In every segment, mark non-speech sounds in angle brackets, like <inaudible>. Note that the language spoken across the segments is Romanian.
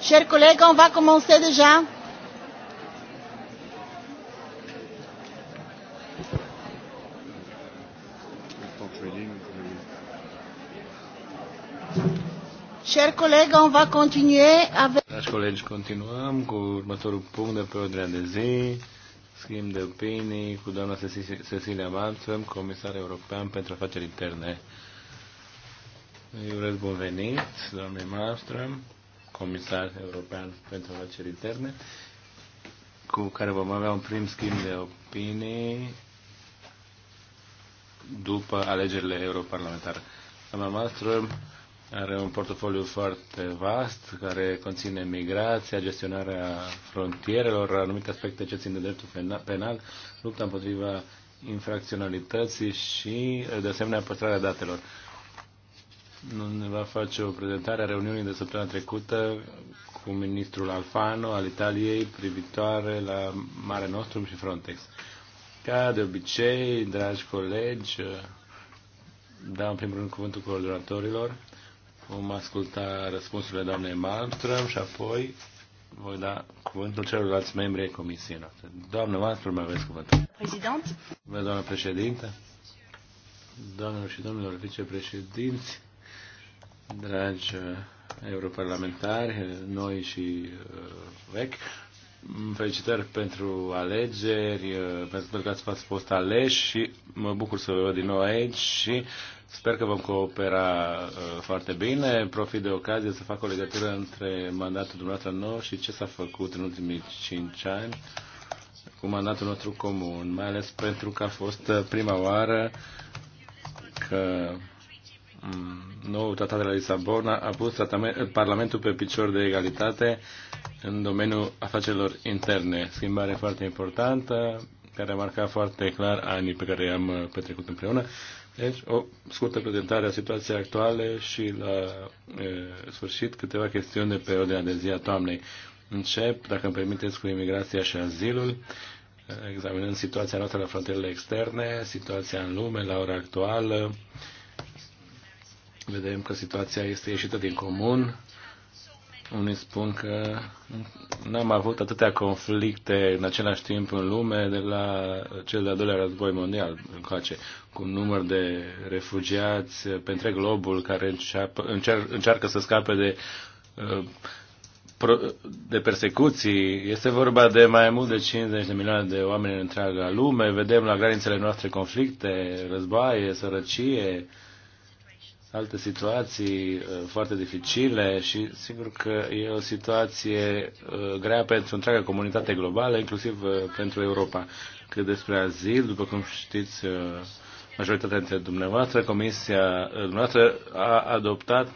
Chers collègues, on va commencer déjà. Chers collègues, on va continuer avec... Dragi colegi, continuăm cu următorul punct de l'ordre ordinea de zi schimb de opinii cu doamna Cecilia Malmström, comisar european pentru afaceri interne. Îi urez bun venit, doamne Malmström, comisar european pentru afaceri interne, cu care vom avea un prim schimb de opinii după alegerile europarlamentare. Doamna Malmström, are un portofoliu foarte vast care conține migrația, gestionarea frontierelor, anumite aspecte ce țin de dreptul penal, lupta împotriva infracționalității și, de asemenea, păstrarea datelor. Ne va face o prezentare a reuniunii de săptămâna trecută cu ministrul Alfano al Italiei privitoare la Mare Nostrum și Frontex. Ca de obicei, dragi colegi, dau în primul rând cuvântul colaboratorilor Vom asculta răspunsurile doamnei Malmström și apoi voi da cuvântul celorlalți membri ai comisiei noastre. Doamnă Malmström, mai aveți cuvântul. Președinte. Bună, doamnă președinte. Doamnelor și domnilor vicepreședinți, dragi uh, europarlamentari, noi și uh, vechi, Felicitări pentru alegeri, uh, pentru că ați fost aleși și mă bucur să vă văd din nou aici și Sper că vom coopera uh, foarte bine. Profit de ocazie să fac o legătură între mandatul dumneavoastră nou și ce s-a făcut în ultimii 5 ani cu mandatul nostru comun, mai ales pentru că a fost uh, prima oară că mm, nou tratat de la Lisabona a pus uh, Parlamentul pe picior de egalitate în domeniul afacerilor interne. Schimbare foarte importantă, care a marcat foarte clar anii pe care i-am petrecut împreună deci, o scurtă prezentare a situației actuale și la e, sfârșit câteva chestiuni de pe ordinea de zi a toamnei. Încep, dacă îmi permiteți, cu imigrația și azilul, examinând situația noastră la frontierele externe, situația în lume la ora actuală. Vedem că situația este ieșită din comun unii spun că n-am avut atâtea conflicte în același timp în lume de la cel de-al doilea război mondial încoace, cu un număr de refugiați pe întreg globul care înceapă, încear, încearcă să scape de, uh, de persecuții. Este vorba de mai mult de 50 de milioane de oameni în întreaga lume. Vedem la granițele noastre conflicte, războaie, sărăcie, alte situații uh, foarte dificile și sigur că e o situație uh, grea pentru întreaga comunitate globală, inclusiv uh, pentru Europa. Că despre azil, după cum știți, majoritatea dintre dumneavoastră, Comisia dumneavoastră a adoptat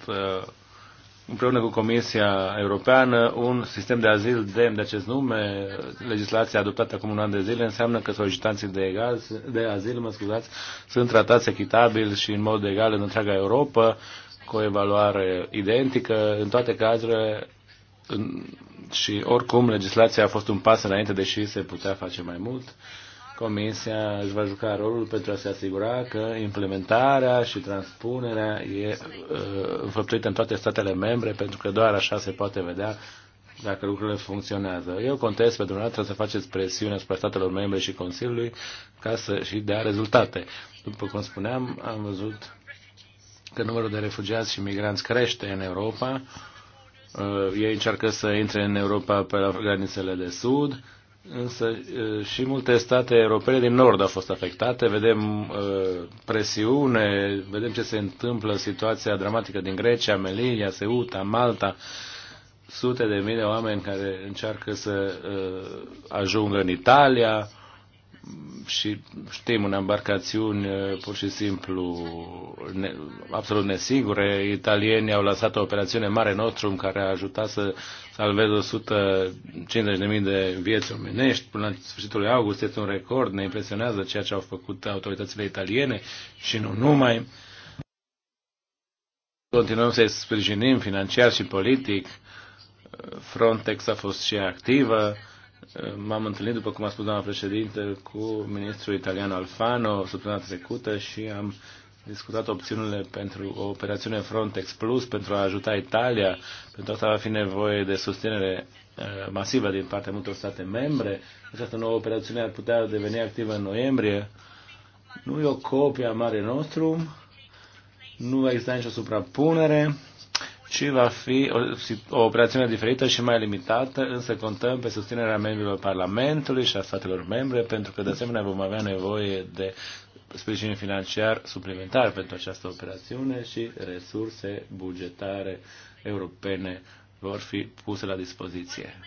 împreună cu Comisia Europeană un sistem de azil demn de acest nume. Legislația adoptată acum un an de zile înseamnă că solicitanții de, egal, de azil mă scuzați, sunt tratați echitabil și în mod egal în întreaga Europa, cu o evaluare identică în toate cazurile în, și oricum legislația a fost un pas înainte, deși se putea face mai mult. Uh, Comisia își va juca rolul pentru a se asigura că implementarea și transpunerea e uh, înfăptuită în toate statele membre, pentru că doar așa se poate vedea dacă lucrurile funcționează. Eu contest pe dumneavoastră să faceți presiune asupra statelor membre și Consiliului ca să și dea rezultate. După cum spuneam, am văzut că numărul de refugiați și migranți crește în Europa. Uh, ei încearcă să intre în Europa pe la granițele de sud Însă și multe state europene din nord au fost afectate. Vedem uh, presiune, vedem ce se întâmplă, situația dramatică din Grecia, Melilla, Ceuta, Malta. Sute de mii de oameni care încearcă să uh, ajungă în Italia și știm în embarcațiuni pur și simplu ne, absolut nesigure. Italienii au lăsat o operațiune Mare Nostrum care a ajutat să salveze 150.000 de vieți omenești până la sfârșitul august. Este un record, ne impresionează ceea ce au făcut autoritățile italiene și nu numai. Continuăm să-i sprijinim financiar și politic. Frontex a fost și activă M-am întâlnit, după cum a spus doamna președinte, cu ministrul italian Alfano săptămâna trecută și am discutat opțiunile pentru o operațiune Frontex Plus pentru a ajuta Italia. Pentru asta va fi nevoie de susținere uh, masivă din partea multor state membre. Această nouă operațiune ar putea deveni activă în noiembrie. Nu e o copie a mare nostru, nu va exista nicio suprapunere ci va fi o, o operațiune diferită și mai limitată, însă contăm pe susținerea membrilor Parlamentului și a statelor membre, pentru că de asemenea vom avea nevoie de sprijin financiar suplimentar pentru această operațiune și resurse bugetare europene vor fi puse la dispoziție.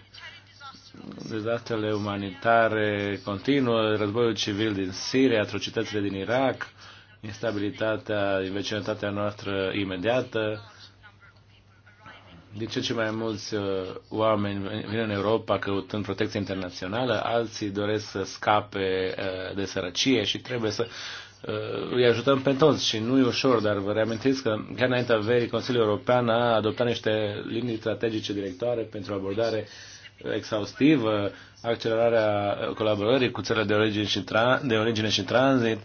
Dezastrele umanitare continuă, războiul civil din Siria, atrocitățile din Irak, instabilitatea din vecinătatea noastră imediată, de ce ce mai mulți uh, oameni vin în Europa căutând protecție internațională, alții doresc să scape uh, de sărăcie și trebuie să uh, îi ajutăm pe toți și nu e ușor, dar vă reamintiți că chiar înaintea verii Consiliul European a adoptat niște linii strategice directoare pentru abordare exhaustivă, accelerarea colaborării cu țările de origine și, tra- de origine și tranzit,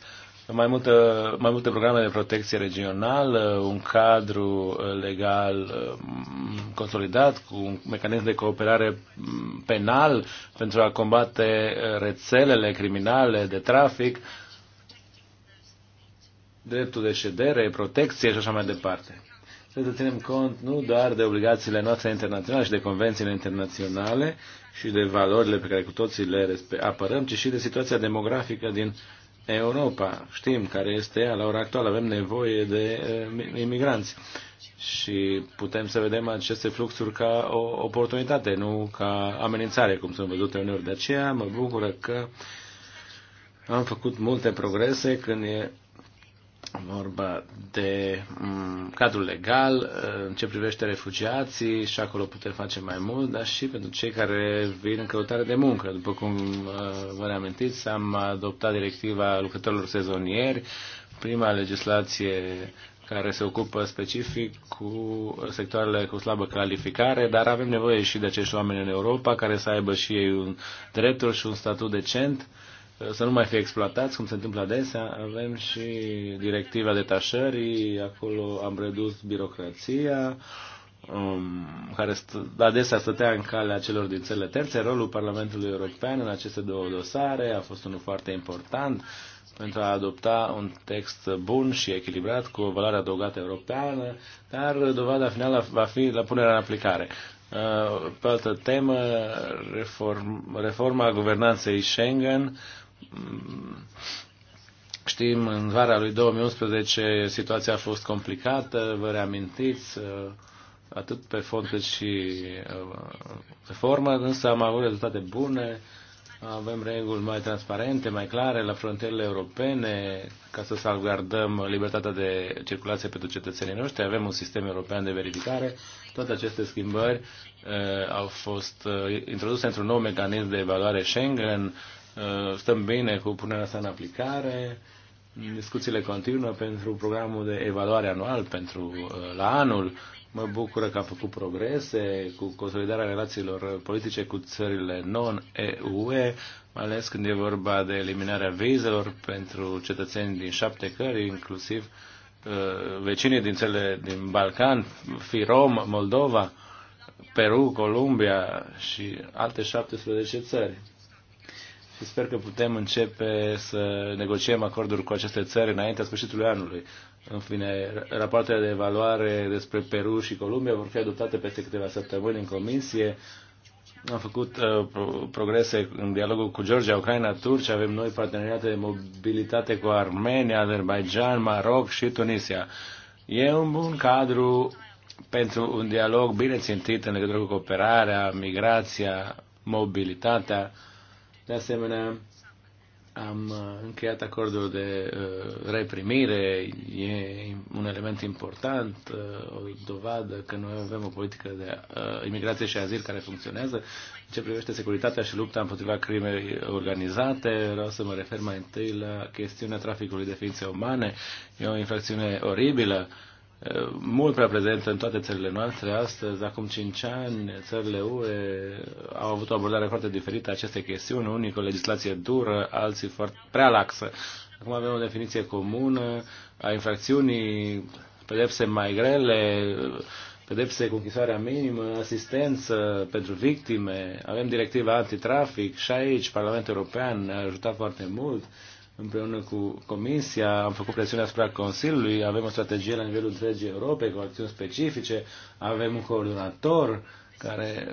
mai, multe mai multe programe de protecție regională, un cadru uh, legal uh, consolidat cu un mecanism de cooperare mm, penal pentru a combate uh, rețelele criminale de trafic, dreptul de ședere, protecție și așa mai departe. Trebuie să ținem cont nu doar de obligațiile noastre internaționale și de convențiile internaționale și de valorile pe care cu toții le apărăm, ci și de situația demografică din Europa. Știm care este ea la ora actuală. Avem nevoie de uh, imigranți și putem să vedem aceste fluxuri ca o oportunitate, nu ca amenințare, cum sunt văzute uneori. De aceea mă bucură că am făcut multe progrese când e vorba de mm, cadrul legal uh, în ce privește refugiații și acolo putem face mai mult, dar și pentru cei care vin în căutare de muncă. După cum uh, vă reamintiți, am adoptat directiva lucrătorilor sezonieri, prima legislație care se ocupă specific cu sectoarele cu slabă calificare, dar avem nevoie și de acești oameni în Europa care să aibă și ei un dreptul și un statut decent să nu mai fie exploatați, cum se întâmplă adesea. Avem și directiva detașării, acolo am redus birocrația, um, care stă, adesea stătea în calea celor din țările terțe. Rolul Parlamentului European în aceste două dosare a fost unul foarte important pentru a adopta un text bun și echilibrat, cu o valoare adăugată europeană, dar dovada finală va fi la punerea în aplicare. Uh, pe altă temă, reform, reforma guvernanței Schengen, Știm, în vara lui 2011 situația a fost complicată, vă reamintiți, atât pe fond cât și uh, pe formă, însă am avut rezultate bune, avem reguli mai transparente, mai clare la frontierele europene ca să salvgardăm libertatea de circulație pentru cetățenii noștri. Avem un sistem european de verificare. Toate aceste schimbări uh, au fost uh, introduse într-un nou mecanism de evaluare Schengen Uh, stăm bine cu punerea sa în aplicare. Discuțiile continuă pentru programul de evaluare anual pentru uh, la anul. Mă bucură că a făcut progrese cu consolidarea relațiilor politice cu țările non eue mai ales când e vorba de eliminarea vizelor pentru cetățeni din șapte cări, inclusiv uh, vecinii din țările din Balcan, Firom, Moldova, Peru, Columbia și alte 17 țări și sper că putem începe să negociem acorduri cu aceste țări înaintea sfârșitului anului. În fine, rapoartele de evaluare despre Peru și Columbia vor fi adoptate peste câteva săptămâni în comisie. Am făcut uh, progrese în dialogul cu Georgia, Ucraina, Turcia, avem noi parteneriate de mobilitate cu Armenia, Azerbaijan, Maroc și Tunisia. E un bun cadru pentru un dialog bine țintit în legătură cu cooperarea, migrația, mobilitatea de asemenea, am uh, încheiat acordul de uh, reprimire, e un element important, uh, o dovadă că noi avem o politică de imigrație și azil care funcționează. În ce privește securitatea și lupta împotriva crimei organizate, vreau să mă refer mai întâi la chestiunea traficului de ființe umane. E o infracțiune oribilă mult prea prezentă în toate țările noastre. Astăzi, acum 5 ani, țările UE au avut o abordare foarte diferită a acestei chestiuni. Unii cu legislație dură, alții foarte prea laxă. Acum avem o definiție comună a infracțiunii, pedepse mai grele, pedepse cu închisoarea minimă, asistență pentru victime, avem directiva antitrafic și aici Parlamentul European a ajutat foarte mult Împreună cu Comisia am făcut presiune asupra Consiliului, avem o strategie la nivelul întregii Europe cu acțiuni specifice, avem un coordonator care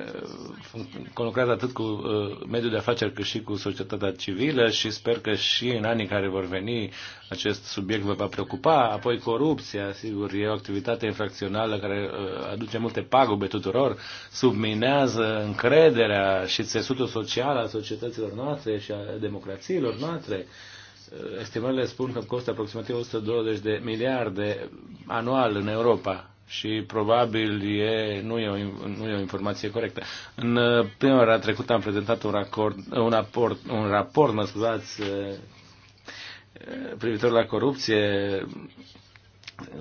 uh, lucrează atât cu uh, mediul de afaceri cât și cu societatea civilă și sper că și în anii care vor veni acest subiect vă va preocupa. Apoi corupția, sigur, e o activitate infracțională care uh, aduce multe pagube tuturor, subminează încrederea și țesutul social al societăților noastre și a democrațiilor noastre. Uh, estimările spun că costă aproximativ 120 de miliarde anual în Europa și probabil e, nu, e o, nu e o informație corectă. În uh, primăvara trecută am prezentat un, racord, un, raport, un raport, mă scuzați, uh, uh, privitor la corupție.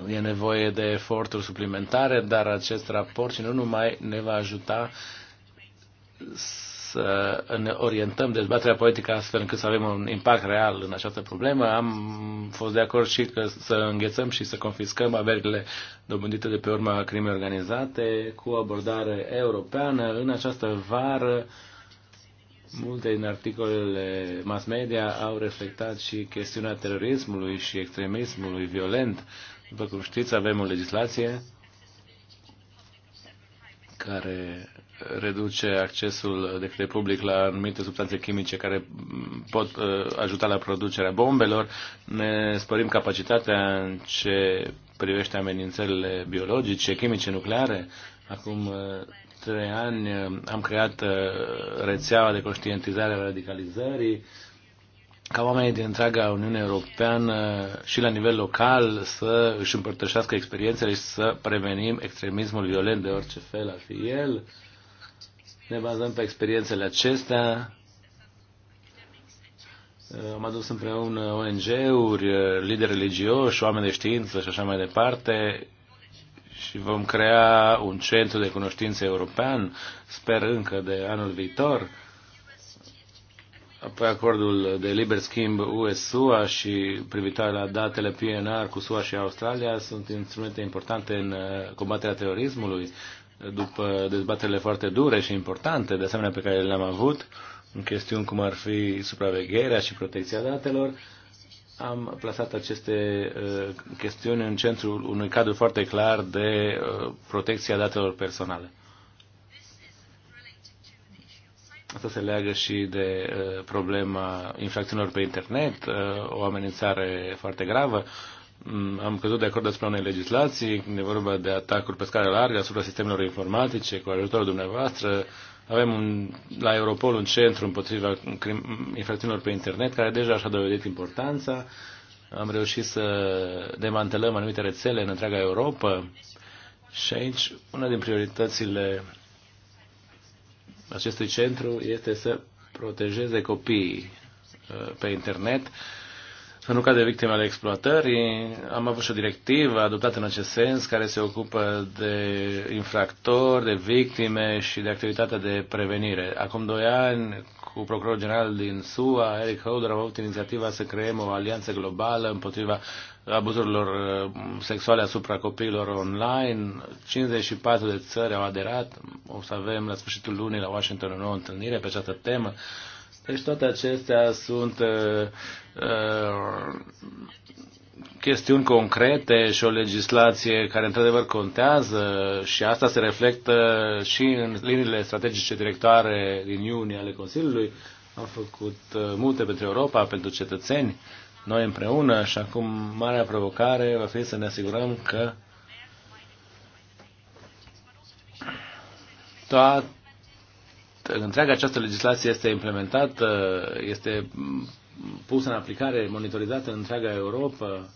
E nevoie de eforturi suplimentare, dar acest raport și nu numai ne va ajuta să ne orientăm dezbaterea politică astfel încât să avem un impact real în această problemă. Am fost de acord și că să înghețăm și să confiscăm averile dobândite de pe urma crimei organizate cu o abordare europeană. În această vară, multe din articolele mass media au reflectat și chestiunea terorismului și extremismului violent. După cum știți, avem o legislație care reduce accesul de către public la anumite substanțe chimice care pot uh, ajuta la producerea bombelor, ne spărim capacitatea în ce privește amenințările biologice, chimice, nucleare. Acum uh, trei ani uh, am creat rețeaua de conștientizare a radicalizării ca oamenii din întreaga Uniune Europeană și la nivel local să își împărtășească experiențele și să prevenim extremismul violent de orice fel ar fi el. Ne bazăm pe experiențele acestea. Am adus împreună ONG-uri, lideri religioși, oameni de știință și așa mai departe și vom crea un centru de cunoștință european, sper încă de anul viitor apoi acordul de liber schimb US-SUA și privitoare la datele PNR cu SUA și Australia sunt instrumente importante în uh, combaterea terorismului, după dezbaterile foarte dure și importante, de asemenea pe care le-am avut, în chestiuni cum ar fi supravegherea și protecția datelor, am plasat aceste uh, chestiuni în centrul unui cadru foarte clar de uh, protecția datelor personale. Asta se leagă și de uh, problema infracțiunilor pe internet, uh, o amenințare foarte gravă. Mm, am căzut de acord asupra unei legislații, când e vorba de atacuri pe scară largă asupra sistemelor informatice, cu ajutorul dumneavoastră. Avem un, la Europol un centru împotriva infracțiunilor pe internet, care deja și-a dovedit importanța. Am reușit să demantelăm anumite rețele în întreaga Europa. Și aici, una din prioritățile acestui centru este să protejeze copiii uh, pe internet să nu cadă victime ale exploatării. Am avut și o directivă adoptată în acest sens care se ocupă de infractori, de victime și de activitatea de prevenire. Acum doi ani, cu procurorul general din SUA, Eric Holder, am avut inițiativa să creăm o alianță globală împotriva abuzurilor uh, sexuale asupra copiilor online. 54 de țări au aderat. O să avem la sfârșitul lunii la Washington o nouă întâlnire pe această temă. Deci toate acestea sunt uh, uh, chestiuni concrete și o legislație care într-adevăr contează și asta se reflectă și în liniile strategice directoare din iunie ale Consiliului. Am făcut uh, multe pentru Europa, pentru cetățeni, noi împreună și acum marea provocare va fi să ne asigurăm că toate întreaga această legislație este implementată, este pusă în aplicare, monitorizată în întreaga Europa,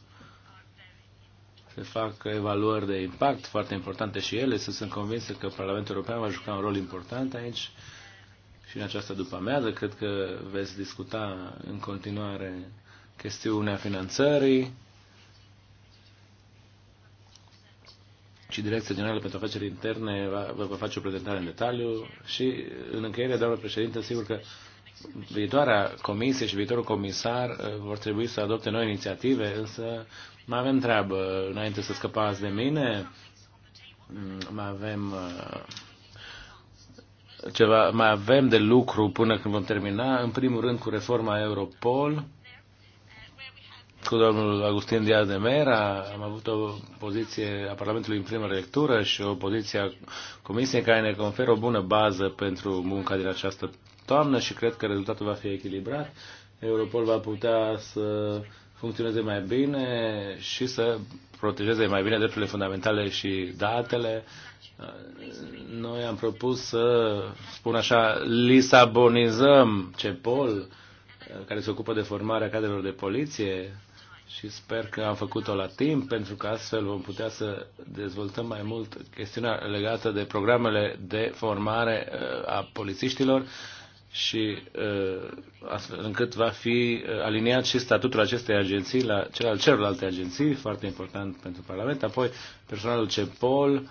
se fac evaluări de impact foarte importante și ele, să sunt convinsă că Parlamentul European va juca un rol important aici și în această după-amiază. Cred că veți discuta în continuare chestiunea finanțării și Direcția Generală pentru Afaceri Interne vă va face o prezentare în detaliu și în încheiere, doamnă președinte, sigur că viitoarea comisie și viitorul comisar uh, vor trebui să adopte noi inițiative, însă mai avem treabă înainte să scăpați de mine. Mm, mai avem uh, ceva, mai avem de lucru până când vom termina, în primul rând cu reforma Europol cu domnul Agustin Diaz de Mera, am avut o poziție a Parlamentului în primă lectură și o poziție a Comisiei care ne conferă o bună bază pentru munca din această toamnă și cred că rezultatul va fi echilibrat. Europol va putea să funcționeze mai bine și să protejeze mai bine drepturile fundamentale și datele. Noi am propus să, spun așa, lisabonizăm CEPOL, care se ocupă de formarea cadrelor de poliție, și sper că am făcut-o la timp, pentru că astfel vom putea să dezvoltăm mai mult chestiunea legată de programele de formare uh, a polițiștilor și uh, astfel încât va fi uh, aliniat și statutul acestei agenții la cel al celorlalte agenții, foarte important pentru Parlament, apoi personalul CEPOL,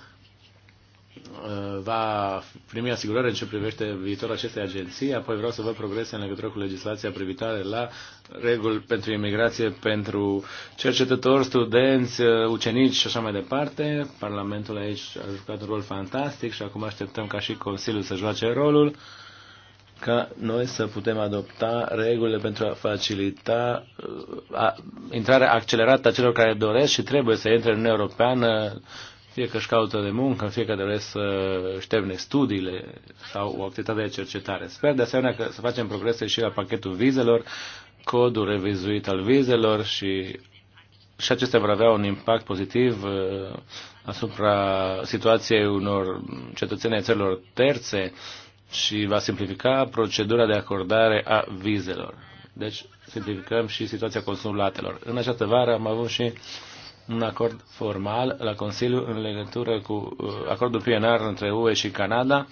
Uh, va primi asigurări în ce privește viitorul acestei agenții, apoi vreau să văd progrese în legătură cu legislația privitoare la reguli pentru imigrație, pentru cercetători, studenți, uh, ucenici și așa mai departe. Parlamentul aici a jucat un rol fantastic și acum așteptăm ca și Consiliul să joace rolul ca noi să putem adopta regulile pentru a facilita uh, a, intrarea accelerată a celor care doresc și trebuie să intre în Uniunea Europeană fie că își caută de muncă, fie că doresc să șterne studiile sau o activitate de cercetare. Sper de asemenea că să facem progrese și la pachetul vizelor, codul revizuit al vizelor și, și acestea vor avea un impact pozitiv uh, asupra situației unor cetățeni ai țărilor terțe și va simplifica procedura de acordare a vizelor. Deci simplificăm și situația consulatelor. În această vară am avut și uh, un acord formal la Consiliu în legătură cu uh, acordul PNR între UE și Canada.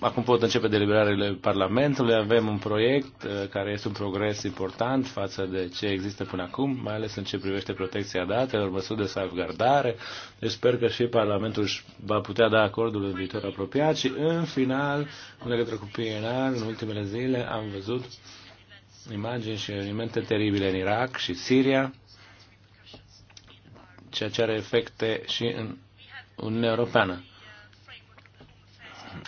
Acum pot începe deliberările Parlamentului. Avem un proiect uh, care este un progres important față de ce există până acum, mai ales în ce privește protecția datelor, măsuri de salvgardare. Deci sper că și Parlamentul își va putea da acordul în viitor apropiat și în final, în legătură cu PNR, în ultimele zile am văzut imagini și evenimente teribile în Irak și Siria ceea ce are efecte și în Uniunea Europeană.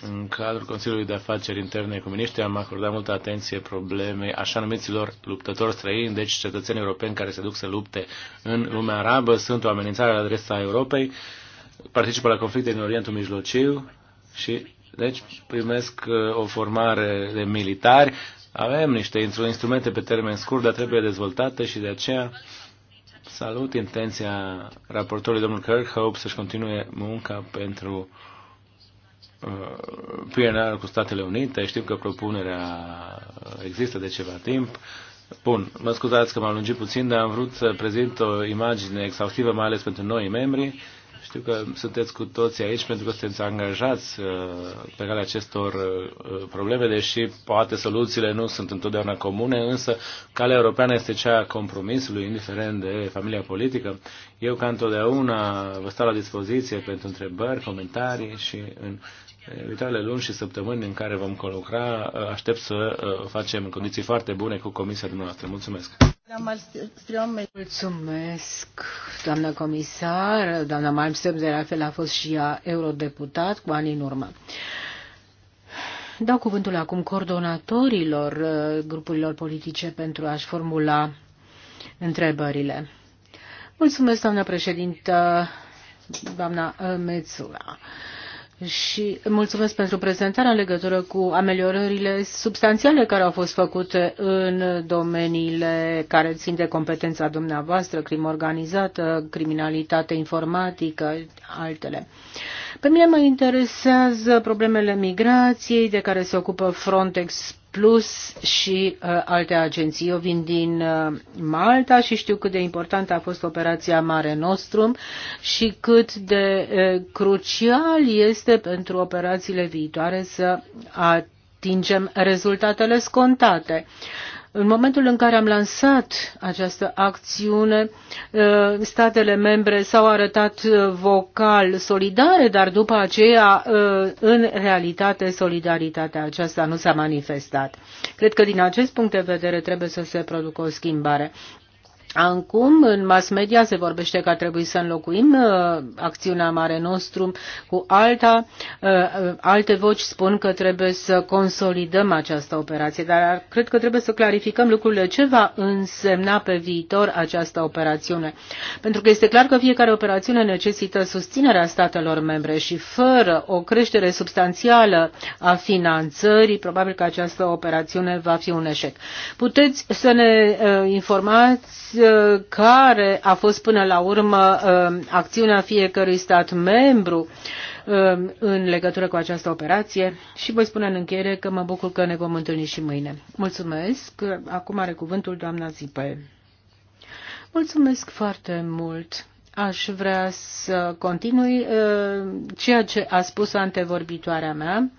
În cadrul Consiliului de Afaceri Interne cu Miniștri am acordat multă atenție problemei așa numiților luptători străini, deci cetățeni europeni care se duc să lupte în lumea arabă, sunt o amenințare la adresa Europei, participă la conflicte din Orientul Mijlociu și deci primesc uh, o formare de militari. Avem niște instrumente pe termen scurt, dar trebuie dezvoltate și de aceea Salut intenția raportorului domnul Kirkhope să-și continue munca pentru uh, PNR cu Statele Unite. Știm că propunerea există de ceva timp. Bun, mă scuzați că m-am lungit puțin, dar am vrut să prezint o imagine exhaustivă, mai ales pentru noi membri știu că sunteți cu toții aici pentru că sunteți angajați uh, pe calea acestor uh, uh, probleme, deși poate soluțiile nu sunt întotdeauna comune, însă calea europeană este cea a compromisului, indiferent de familia politică. Eu, ca întotdeauna, vă stau la dispoziție pentru întrebări, comentarii și în viitoarele luni și săptămâni în care vom colucra, aștept să facem în condiții foarte bune cu comisia dumneavoastră. Mulțumesc! Mulțumesc, doamna comisar. Doamna Malmström, de la fel, a fost și ea eurodeputat cu ani în urmă. Dau cuvântul acum coordonatorilor uh, grupurilor politice pentru a-și formula întrebările. Mulțumesc, doamna președintă, doamna uh, Mețula și mulțumesc pentru prezentarea în legătură cu ameliorările substanțiale care au fost făcute în domeniile care țin de competența dumneavoastră, crimă organizată, criminalitate informatică, altele. Pe mine mă interesează problemele migrației de care se ocupă Frontex Plus și uh, alte agenții. Eu vin din uh, Malta și știu cât de importantă a fost operația Mare Nostrum și cât de uh, crucial este pentru operațiile viitoare să atingem rezultatele scontate. În momentul în care am lansat această acțiune, uh, statele membre s-au arătat uh, vocal solidare, dar după aceea, uh, în realitate, solidaritatea aceasta nu s-a manifestat. Cred că din acest punct de vedere trebuie să se producă o schimbare. Acum, în mass media se vorbește că trebuie să înlocuim uh, acțiunea Mare Nostrum cu alta. Uh, uh, alte voci spun că trebuie să consolidăm această operație, dar cred că trebuie să clarificăm lucrurile ce va însemna pe viitor această operațiune. Pentru că este clar că fiecare operațiune necesită susținerea statelor membre și fără o creștere substanțială a finanțării, probabil că această operațiune va fi un eșec. Puteți să ne uh, informați Uh, care a fost până la urmă uh, acțiunea fiecărui stat membru uh, în legătură cu această operație și voi spune în încheiere că mă bucur că ne vom întâlni și mâine. Mulțumesc. Acum are cuvântul doamna Zipe. Mulțumesc foarte mult aș vrea să continui ceea ce a spus antevorbitoarea mea.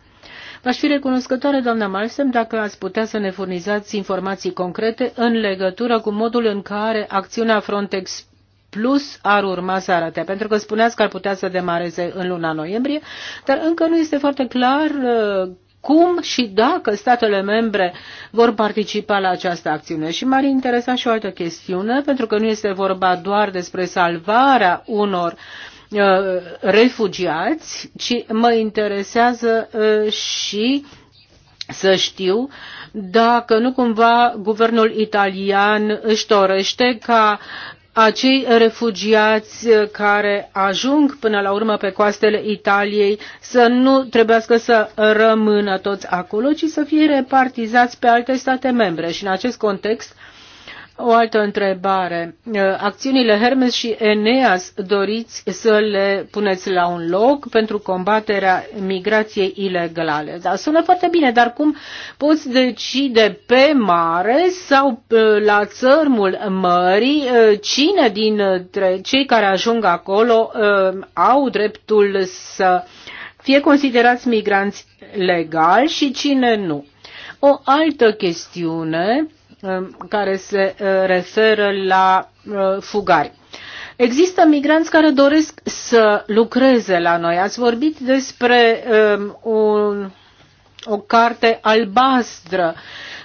Aș fi recunoscătoare, doamna Malsem, dacă ați putea să ne furnizați informații concrete în legătură cu modul în care acțiunea Frontex plus ar urma să arate, pentru că spuneați că ar putea să demareze în luna noiembrie, dar încă nu este foarte clar uh, cum și dacă statele membre vor participa la această acțiune. Și m-ar interesa și o altă chestiune, pentru că nu este vorba doar despre salvarea unor uh, Uh, refugiați, ci mă interesează uh, și să știu dacă nu cumva guvernul italian își dorește ca acei refugiați uh, care ajung până la urmă pe coastele Italiei să nu trebuiască să rămână toți acolo, ci să fie repartizați pe alte state membre. Și în acest context o altă întrebare. Uh, acțiunile Hermes și Eneas doriți să le puneți la un loc pentru combaterea migrației ilegale. Da, sună foarte bine, dar cum poți decide pe mare sau uh, la țărmul mării uh, cine dintre cei care ajung acolo au dreptul să fie considerați migranți legali și cine nu? O altă chestiune Um, care se uh, referă la uh, fugari. Există migranți care doresc să lucreze la noi. Ați vorbit despre um, un, o carte albastră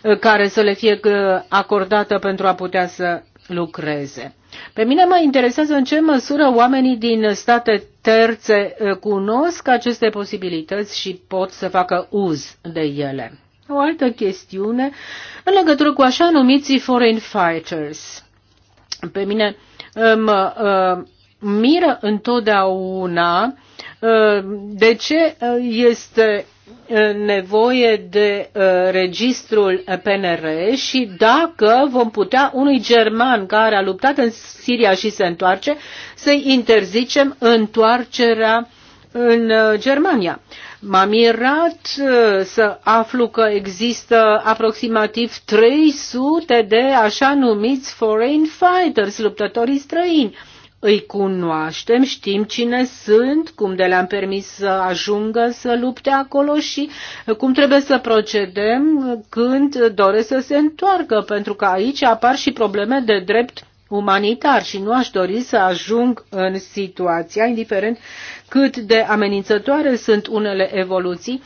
uh, care să le fie acordată pentru a putea să lucreze. Pe mine mă interesează în ce măsură oamenii din state terțe cunosc aceste posibilități și pot să facă uz de ele. O altă chestiune în legătură cu așa numiții foreign fighters. Pe mine mă um, um, miră întotdeauna um, de ce uh, este uh, nevoie de uh, registrul PNR și dacă vom putea unui german care a luptat în Siria și se întoarce să-i interzicem întoarcerea în uh, Germania. m am mirat uh, să aflu că există aproximativ 300 de așa numiți foreign fighters, luptătorii străini. Îi cunoaștem, știm cine sunt, cum de le-am permis să ajungă să lupte acolo și cum trebuie să procedem când doresc să se întoarcă, pentru că aici apar și probleme de drept umanitar și nu aș dori să ajung în situația, indiferent cât de amenințătoare sunt unele evoluții,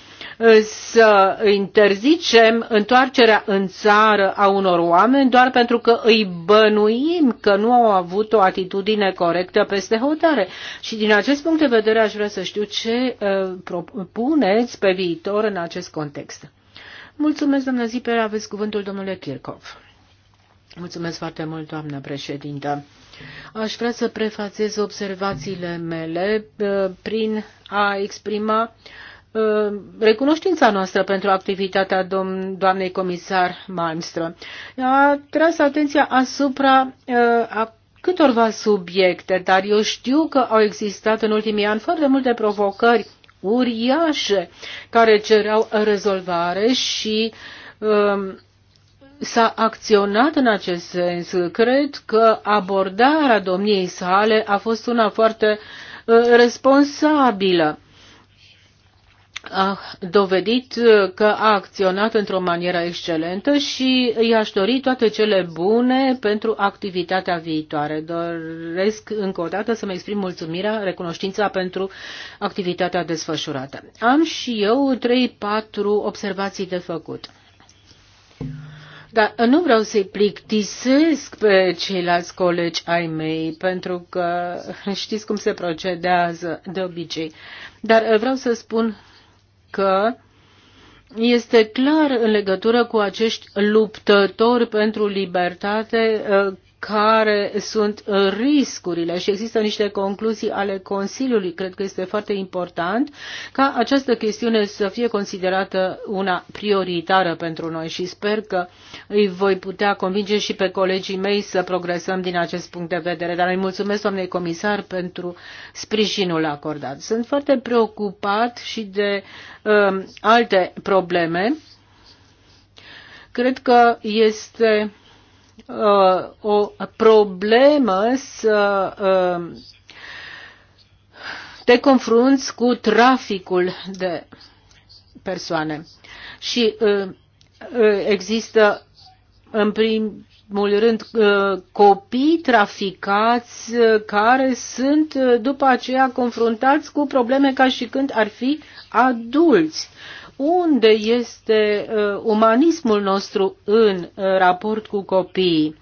să interzicem întoarcerea în țară a unor oameni doar pentru că îi bănuim că nu au avut o atitudine corectă peste hotare. Și din acest punct de vedere aș vrea să știu ce uh, propuneți pe viitor în acest context. Mulțumesc, domnule Ziper, aveți cuvântul domnule Kirchhoff. Mulțumesc foarte mult, doamnă președintă. Aș vrea să prefacez observațiile mele uh, prin a exprima uh, recunoștința noastră pentru activitatea doamnei comisar Malmström. A tras atenția asupra uh, a câtorva subiecte, dar eu știu că au existat în ultimii ani foarte multe provocări uriașe care cereau rezolvare și um, s-a acționat în acest sens. Cred că abordarea domniei sale a fost una foarte uh, responsabilă. A dovedit uh, că a acționat într-o manieră excelentă și i-aș dori toate cele bune pentru activitatea viitoare. Doresc încă o dată să-mi exprim mulțumirea, recunoștința pentru activitatea desfășurată. Am și eu 3-4 observații de făcut. Dar nu vreau să-i plictisesc pe ceilalți colegi ai mei, pentru că știți cum se procedează de obicei. Dar vreau să spun că este clar în legătură cu acești luptători pentru libertate care sunt uh, riscurile și există niște concluzii ale Consiliului. Cred că este foarte important ca această chestiune să fie considerată una prioritară pentru noi și sper că îi voi putea convinge și pe colegii mei să progresăm din acest punct de vedere. Dar îi mulțumesc, doamnei comisar, pentru sprijinul acordat. Sunt foarte preocupat și de um, alte probleme. Cred că este Uh, o problemă să uh, te confrunți cu traficul de persoane. Și uh, există în primul rând copii traficați care sunt după aceea confruntați cu probleme ca și când ar fi adulți unde este uh, umanismul nostru în uh, raport cu copiii.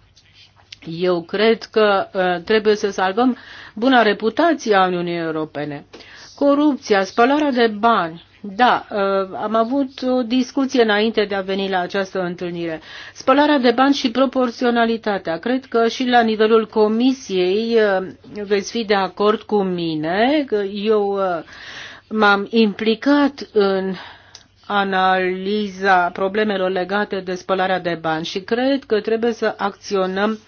Eu cred că uh, trebuie să salvăm buna reputație a Uniunii Europene. Corupția, spălarea de bani. Da, uh, am avut o discuție înainte de a veni la această întâlnire. Spălarea de bani și proporționalitatea. Cred că și la nivelul comisiei uh, veți fi de acord cu mine. Că eu uh, m-am implicat în analiza problemelor legate de spălarea de bani și cred că trebuie să acționăm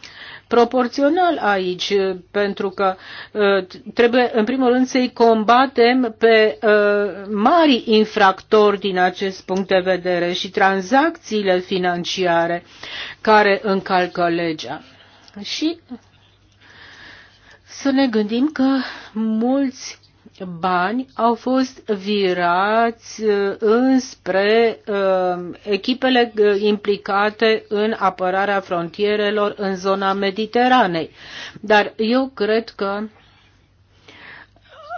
proporțional aici, pentru că uh, trebuie în primul rând să-i combatem pe uh, mari infractori din acest punct de vedere și tranzacțiile financiare care încalcă legea. Și să ne gândim că mulți bani au fost virați uh, înspre uh, echipele uh, implicate în apărarea frontierelor în zona Mediteranei. Dar eu cred că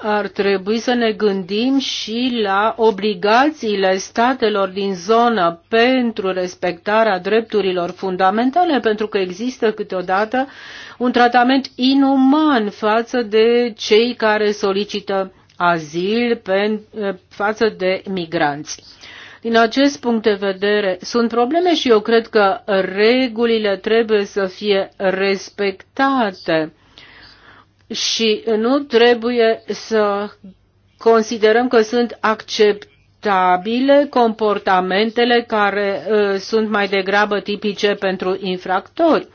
ar trebui să ne gândim și la obligațiile statelor din zonă pentru respectarea drepturilor fundamentale, pentru că există câteodată un tratament inuman față de cei care solicită azil pe, eh, față de migranți. Din acest punct de vedere, sunt probleme și eu cred că regulile trebuie să fie respectate și nu trebuie să considerăm că sunt acceptabile comportamentele care uh, sunt mai degrabă tipice pentru infractori.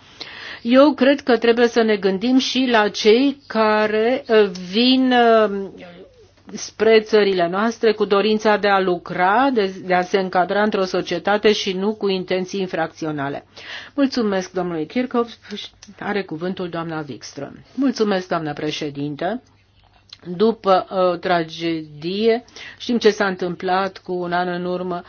Eu cred că trebuie să ne gândim și la cei care uh, vin uh, spre țările noastre cu dorința de a lucra, de, de a se încadra într-o societate și nu cu intenții infracționale. Mulțumesc domnului Kirchhoff, are cuvântul doamna Wikström. Mulțumesc doamna președintă. După o uh, tragedie, știm ce s-a întâmplat cu un an în urmă,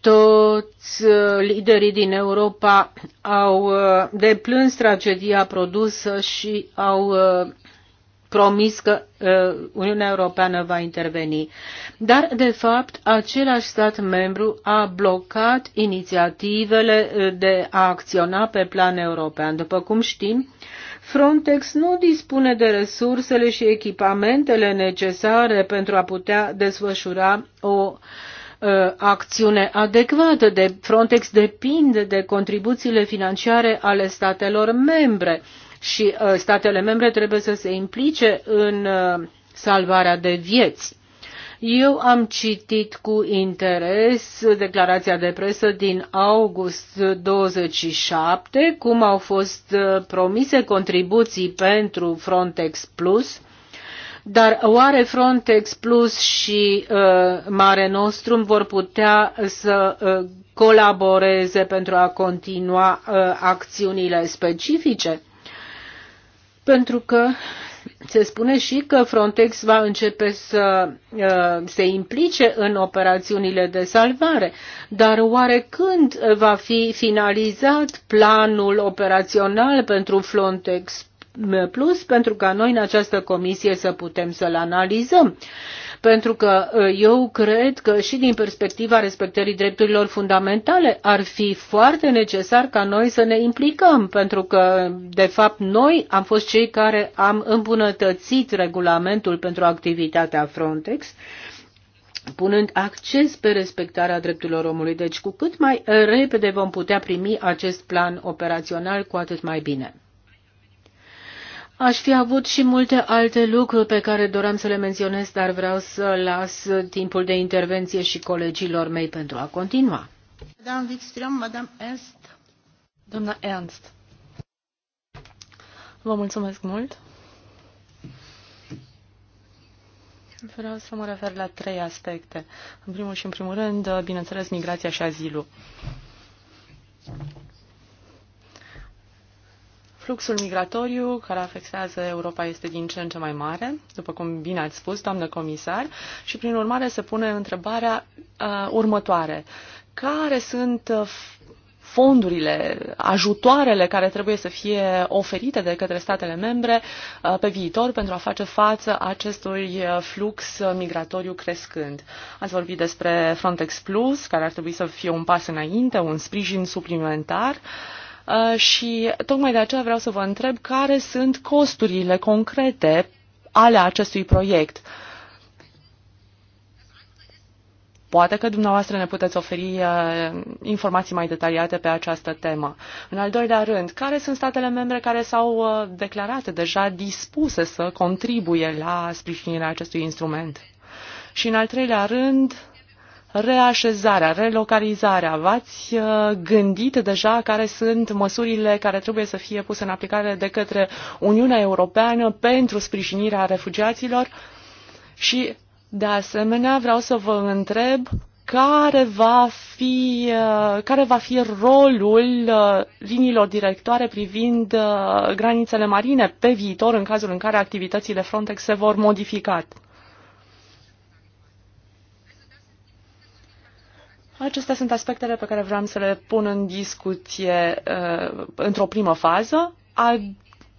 toți uh, liderii din Europa au uh, deplâns tragedia produsă și au promis că uh, Uniunea Europeană va interveni. Dar, de fapt, același stat membru a blocat inițiativele uh, de a acționa pe plan european. După cum știm, Frontex nu dispune de resursele și echipamentele necesare pentru a putea desfășura o uh, acțiune adecvată de Frontex depinde de contribuțiile financiare ale statelor membre. Uh, și uh, statele membre trebuie să se implice în uh, salvarea de vieți. Eu am citit cu interes declarația de presă din august 27, cum au fost uh, promise contribuții pentru Frontex Plus, dar oare Frontex Plus și uh, Mare Nostrum vor putea să uh, colaboreze pentru a continua uh, acțiunile specifice? pentru că se spune și că Frontex va începe să uh, se implice în operațiunile de salvare, dar oare când va fi finalizat planul operațional pentru Frontex Plus pentru ca noi în această comisie să putem să-l analizăm? pentru că ă, eu cred că și din perspectiva respectării drepturilor fundamentale ar fi foarte necesar ca noi să ne implicăm, pentru că, de fapt, noi am fost cei care am îmbunătățit regulamentul pentru activitatea Frontex punând acces pe respectarea drepturilor omului. Deci, cu cât mai repede vom putea primi acest plan operațional, cu atât mai bine. Aș fi avut și multe alte lucruri pe care doream să le menționez, dar vreau să las timpul de intervenție și colegilor mei pentru a continua. Madame Wikström, Madame Ernst. Doamna Ernst. Vă mulțumesc mult. Vreau să mă refer la trei aspecte. În primul și în primul rând, bineînțeles, migrația și azilul. Fluxul migratoriu care afectează Europa este din ce în ce mai mare, după cum bine ați spus, doamnă comisar, și prin urmare se pune întrebarea uh, următoare. Care sunt uh, fondurile, ajutoarele care trebuie să fie oferite de către statele membre uh, pe viitor pentru a face față acestui uh, flux migratoriu crescând. Ați vorbit despre Frontex Plus, care ar trebui să fie un pas înainte, un sprijin suplimentar. Uh, Uh, și tocmai de aceea vreau să vă întreb care sunt costurile concrete ale acestui proiect. Poate că dumneavoastră ne puteți oferi uh, informații mai detaliate pe această temă. În al doilea rând, care sunt statele membre care s-au uh, declarat deja dispuse să contribuie la sprijinirea acestui instrument? Și în al treilea rând, uh, reașezarea, relocalizarea. V-ați uh, gândit deja care sunt măsurile care trebuie să fie puse în aplicare de către Uniunea Europeană pentru sprijinirea refugiaților? Și, de asemenea, vreau să vă întreb care va fi, uh, care va fi rolul uh, liniilor directoare privind granițele marine pe viitor în cazul în care activitățile Frontex se vor modifica. Acestea sunt aspectele pe care vreau să le pun în discuție uh, într-o primă fază. Al,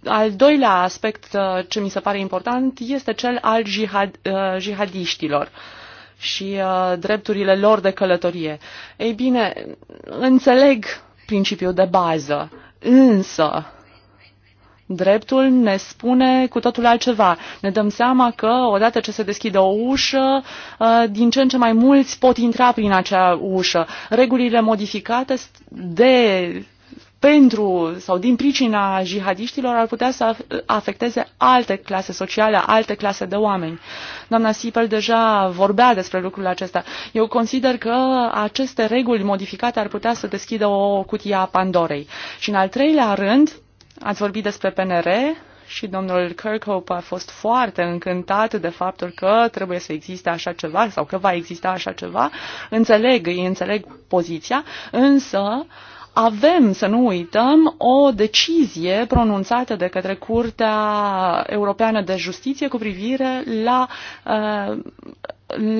al doilea aspect uh, ce mi se pare important este cel al jihad, uh, jihadiștilor și uh, drepturile lor de călătorie. Ei bine, înțeleg principiul de bază, însă Dreptul ne spune cu totul altceva. Ne dăm seama că odată ce se deschide o ușă, uh, din ce în ce mai mulți pot intra prin acea ușă. Regulile modificate de pentru sau din pricina jihadiștilor ar putea să afecteze alte clase sociale, alte clase de oameni. Doamna Sipel deja vorbea despre lucrul acesta. Eu consider că aceste reguli modificate ar putea să deschidă o cutie a Pandorei. Și în al treilea rând, Ați vorbit despre PNR și domnul Kirkhope a fost foarte încântat de faptul că trebuie să existe așa ceva sau că va exista așa ceva. Înțeleg, îi înțeleg poziția, însă avem, să nu uităm, o decizie pronunțată de către Curtea Europeană de Justiție cu privire la uh,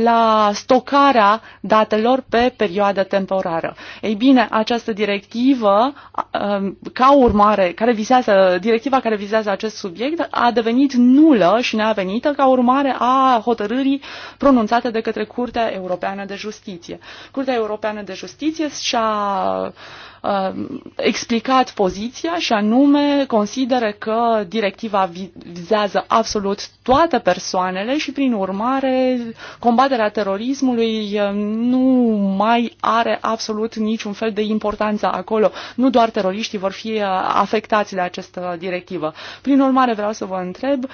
la stocarea datelor pe perioadă temporară. Ei bine, această directivă, um, ca urmare, care vizează, directiva care vizează acest subiect, a devenit nulă și neavenită ca urmare a hotărârii pronunțate de către Curtea Europeană de Justiție. Curtea Europeană de Justiție și-a uh, Uh, explicat poziția și anume consideră că directiva vizează absolut toate persoanele și prin urmare combaterea terorismului uh, nu mai are absolut niciun fel de importanță acolo. Nu doar teroriștii vor fi uh, afectați de această directivă. Prin urmare vreau să vă întreb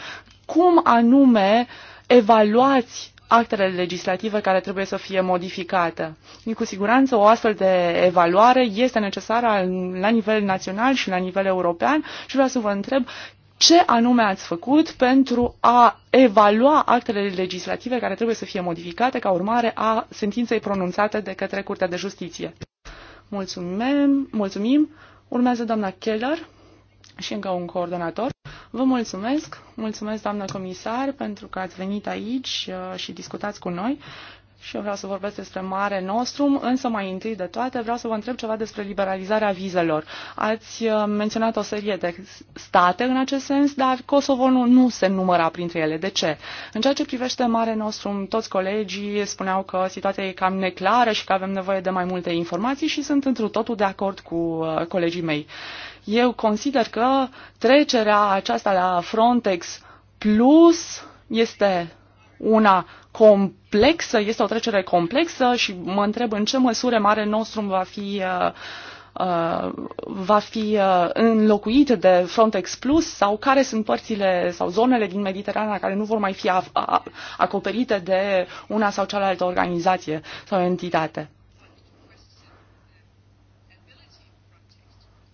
cum anume evaluați actele legislative care trebuie să fie modificate. Cu siguranță o astfel de evaluare este necesară la nivel național și la nivel european și vreau să vă întreb ce anume ați făcut pentru a evalua actele legislative care trebuie să fie modificate ca urmare a sentinței pronunțate de către Curtea de Justiție. Mulțumim, mulțumim. Urmează doamna Keller și încă un coordonator. Vă mulțumesc, mulțumesc doamnă comisar pentru că ați venit aici uh, și discutați cu noi și eu vreau să vorbesc despre Mare Nostrum, însă mai întâi de toate vreau să vă întreb ceva despre liberalizarea vizelor. Ați uh, menționat o serie de state în acest sens, dar Kosovo nu, nu se număra printre ele. De ce? În ceea ce privește Mare Nostrum, toți colegii spuneau că situația e cam neclară și că avem nevoie de mai multe informații și sunt întru totul de acord cu uh, colegii mei. Eu consider că trecerea aceasta la Frontex Plus este una complexă, este o trecere complexă și mă întreb în ce măsură Mare nostru va fi uh, uh, va fi uh, înlocuit de Frontex Plus sau care sunt părțile sau zonele din Mediterana care nu vor mai fi acoperite de una sau cealaltă organizație sau entitate?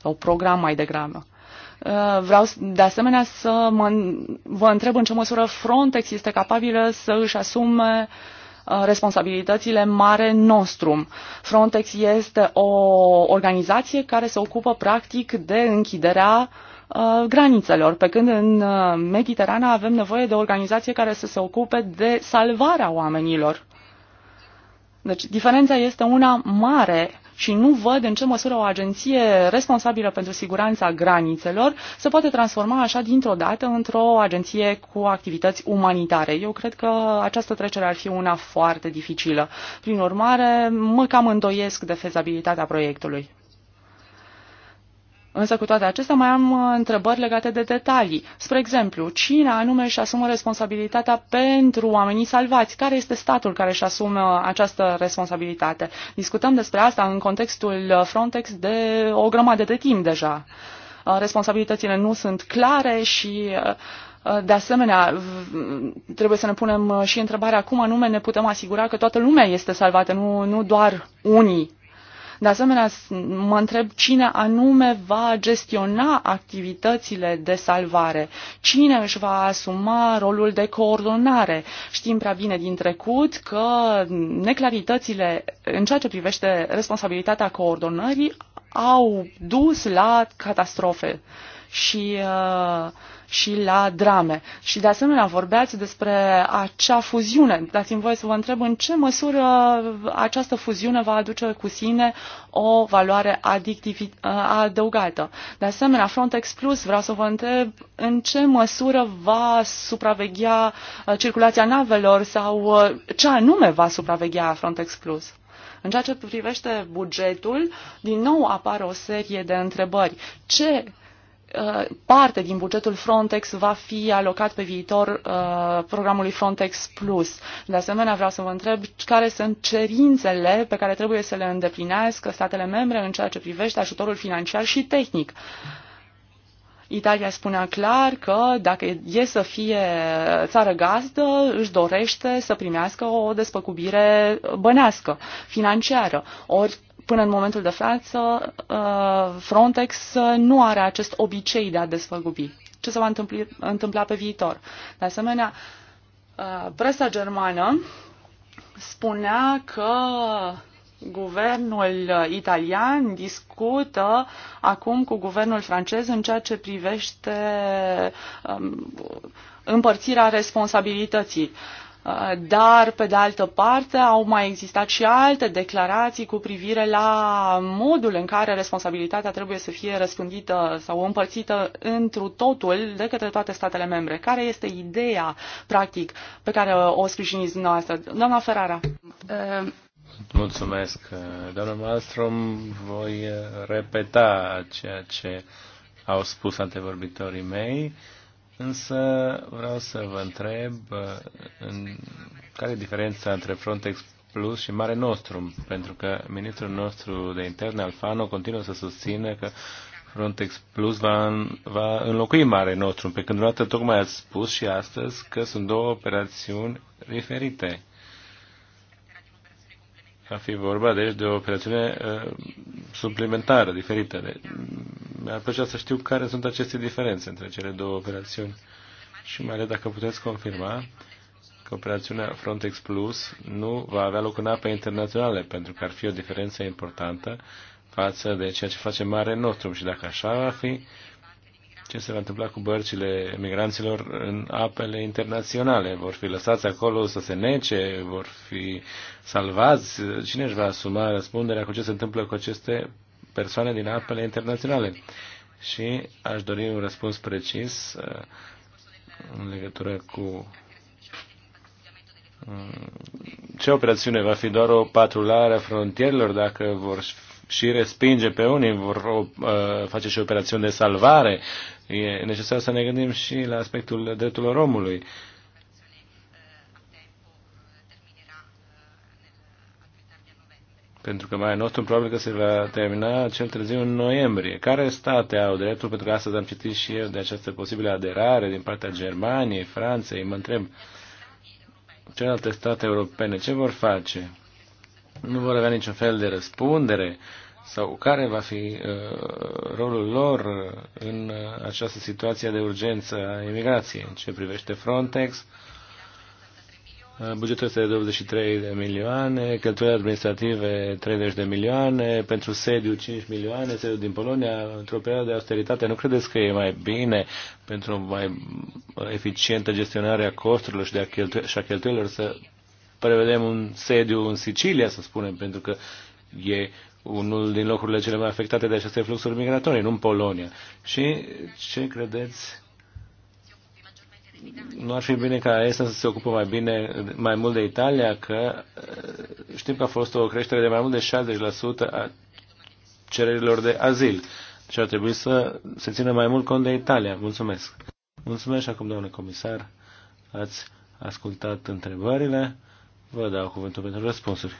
Sau program mai degrabă. Uh, vreau de asemenea să mă, vă întreb în ce măsură Frontex este capabilă să își asume uh, responsabilitățile mare nostrum. Frontex este o organizație care se ocupă practic de închiderea uh, granițelor, pe când în Mediterana avem nevoie de o organizație care să se ocupe de salvarea oamenilor. Deci diferența este una mare și nu văd în ce măsură o agenție responsabilă pentru siguranța granițelor se poate transforma așa dintr-o dată într-o agenție cu activități umanitare. Eu cred că această trecere ar fi una foarte dificilă. Prin urmare, mă cam îndoiesc de fezabilitatea proiectului. Însă cu toate acestea mai am uh, întrebări legate de detalii. Spre exemplu, cine anume își asumă responsabilitatea pentru oamenii salvați? Care este statul care își asumă această responsabilitate? Discutăm despre asta în contextul uh, Frontex de o grămadă de timp deja. Uh, responsabilitățile nu sunt clare și de asemenea, trebuie să ne punem și întrebarea cum anume ne putem asigura că toată lumea este salvată, nu, nu doar unii de asemenea, mă întreb cine anume va gestiona activitățile de salvare, cine își va asuma rolul de coordonare. Știm prea bine din trecut că neclaritățile în ceea ce privește responsabilitatea coordonării au dus la catastrofe. Și uh, și la drame. Și de asemenea vorbeați despre acea fuziune. Dați-mi voie să vă întreb în ce măsură această fuziune va aduce cu sine o valoare adăugată. De asemenea, Frontex Plus, vreau să vă întreb în ce măsură va supraveghea uh, circulația navelor sau uh, ce anume va supraveghea Frontex Plus. În ceea ce privește bugetul, din nou apare o serie de întrebări. Ce Uh, parte din bugetul Frontex va fi alocat pe viitor uh, programului Frontex Plus. De asemenea, vreau să vă întreb care sunt cerințele pe care trebuie să le îndeplinească statele membre în ceea ce privește ajutorul financiar și tehnic. Italia spunea clar că dacă e să fie țară gazdă, își dorește să primească o despăcubire bănească, financiară. Ori până în momentul de față, uh, Frontex uh, nu are acest obicei de a desfăgubi. Ce se va întâmpla pe viitor? De asemenea, uh, presa germană spunea că guvernul italian discută acum cu guvernul francez în ceea ce privește um, împărțirea responsabilității. Uh, dar, pe de altă parte, au mai existat și alte declarații cu privire la modul în care responsabilitatea trebuie să fie răspândită sau împărțită întru totul de către toate statele membre. Care este ideea, practic, pe care uh, o sprijiniți dumneavoastră? Doamna Ferrara. Uh. Mulțumesc, doamna Malmström. Voi repeta ceea ce au spus antevorbitorii mei. Uh, Însă vreau să vă întreb uh, în care e diferența între Frontex Plus și Mare Nostrum, pentru că ministrul nostru de interne, Alfano, continuă să susține că Frontex Plus va, va înlocui Mare Nostrum, pe când dată tocmai ați spus și astăzi că sunt două operațiuni diferite a fi vorba deci de o operațiune uh, suplimentară, diferită. De, mi-ar plăcea să știu care sunt aceste diferențe între cele două operațiuni și mai ales dacă puteți confirma că operațiunea Frontex Plus nu va avea loc în ape internaționale, pentru că ar fi o diferență importantă față de ceea ce face Mare Nostrum și dacă așa va fi, ce se va întâmpla cu bărcile migranților în apele internaționale. Vor fi lăsați acolo să se nece, vor fi salvați. Cine își va asuma răspunderea cu ce se întâmplă cu aceste persoane din apele internaționale? Și aș dori un răspuns precis uh, în legătură cu uh, ce operațiune va fi doar o patrulare a frontierelor dacă vor și respinge pe unii, vor uh, face și operațiuni de salvare. E necesar să ne gândim și la aspectul drepturilor omului. pentru că mai nostru probabil că se va termina cel târziu în noiembrie. Care state au dreptul? Pentru că astăzi am citit și eu de această posibilă aderare din partea Germaniei, Franței. Mă întreb celelalte state europene ce vor face? Nu vor avea niciun fel de răspundere sau care va fi uh, rolul lor în uh, această situație de urgență a imigrației în ce privește Frontex. Uh, bugetul este de 23 de milioane, cheltuieli administrative 30 de milioane, pentru sediu 5 milioane, sediu din Polonia, într-o perioadă de austeritate. Nu credeți că e mai bine pentru o mai eficientă gestionare a costurilor și, de a cheltuie, și a cheltuielor să prevedem un sediu în Sicilia, să spunem, pentru că e unul din locurile cele mai afectate de aceste fluxuri migratorii, nu în Polonia. Și ce credeți? Nu ar fi bine ca ESA să se ocupe mai bine, mai mult de Italia, că uh, știm că a fost o creștere de mai mult de 60% a cererilor de azil. Și deci ar trebui să se țină mai mult cont de Italia. Mulțumesc. Mulțumesc și acum, domnule comisar, ați ascultat întrebările. Vă dau cuvântul pentru răspunsuri.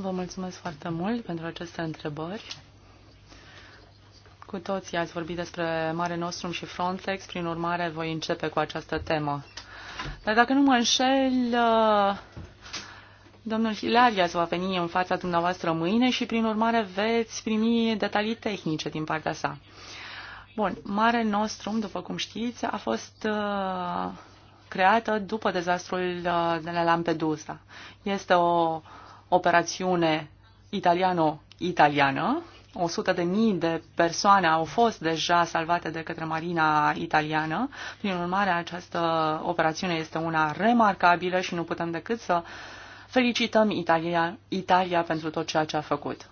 Vă mulțumesc foarte mult pentru aceste întrebări. Cu toții ați vorbit despre Mare Nostrum și Frontex, prin urmare voi începe cu această temă. Dar dacă nu mă înșel, uh, domnul Hilarias va veni în fața dumneavoastră mâine și prin urmare veți primi detalii tehnice din partea sa. Bun, Mare Nostrum, după cum știți, a fost uh, creată după dezastrul uh, de la Lampedusa. Este o operațiune italiano-italiană. 100 de mii de persoane au fost deja salvate de către marina italiană. Prin urmare, această operațiune este una remarcabilă și nu putem decât să felicităm Italia, Italia pentru tot ceea ce a făcut.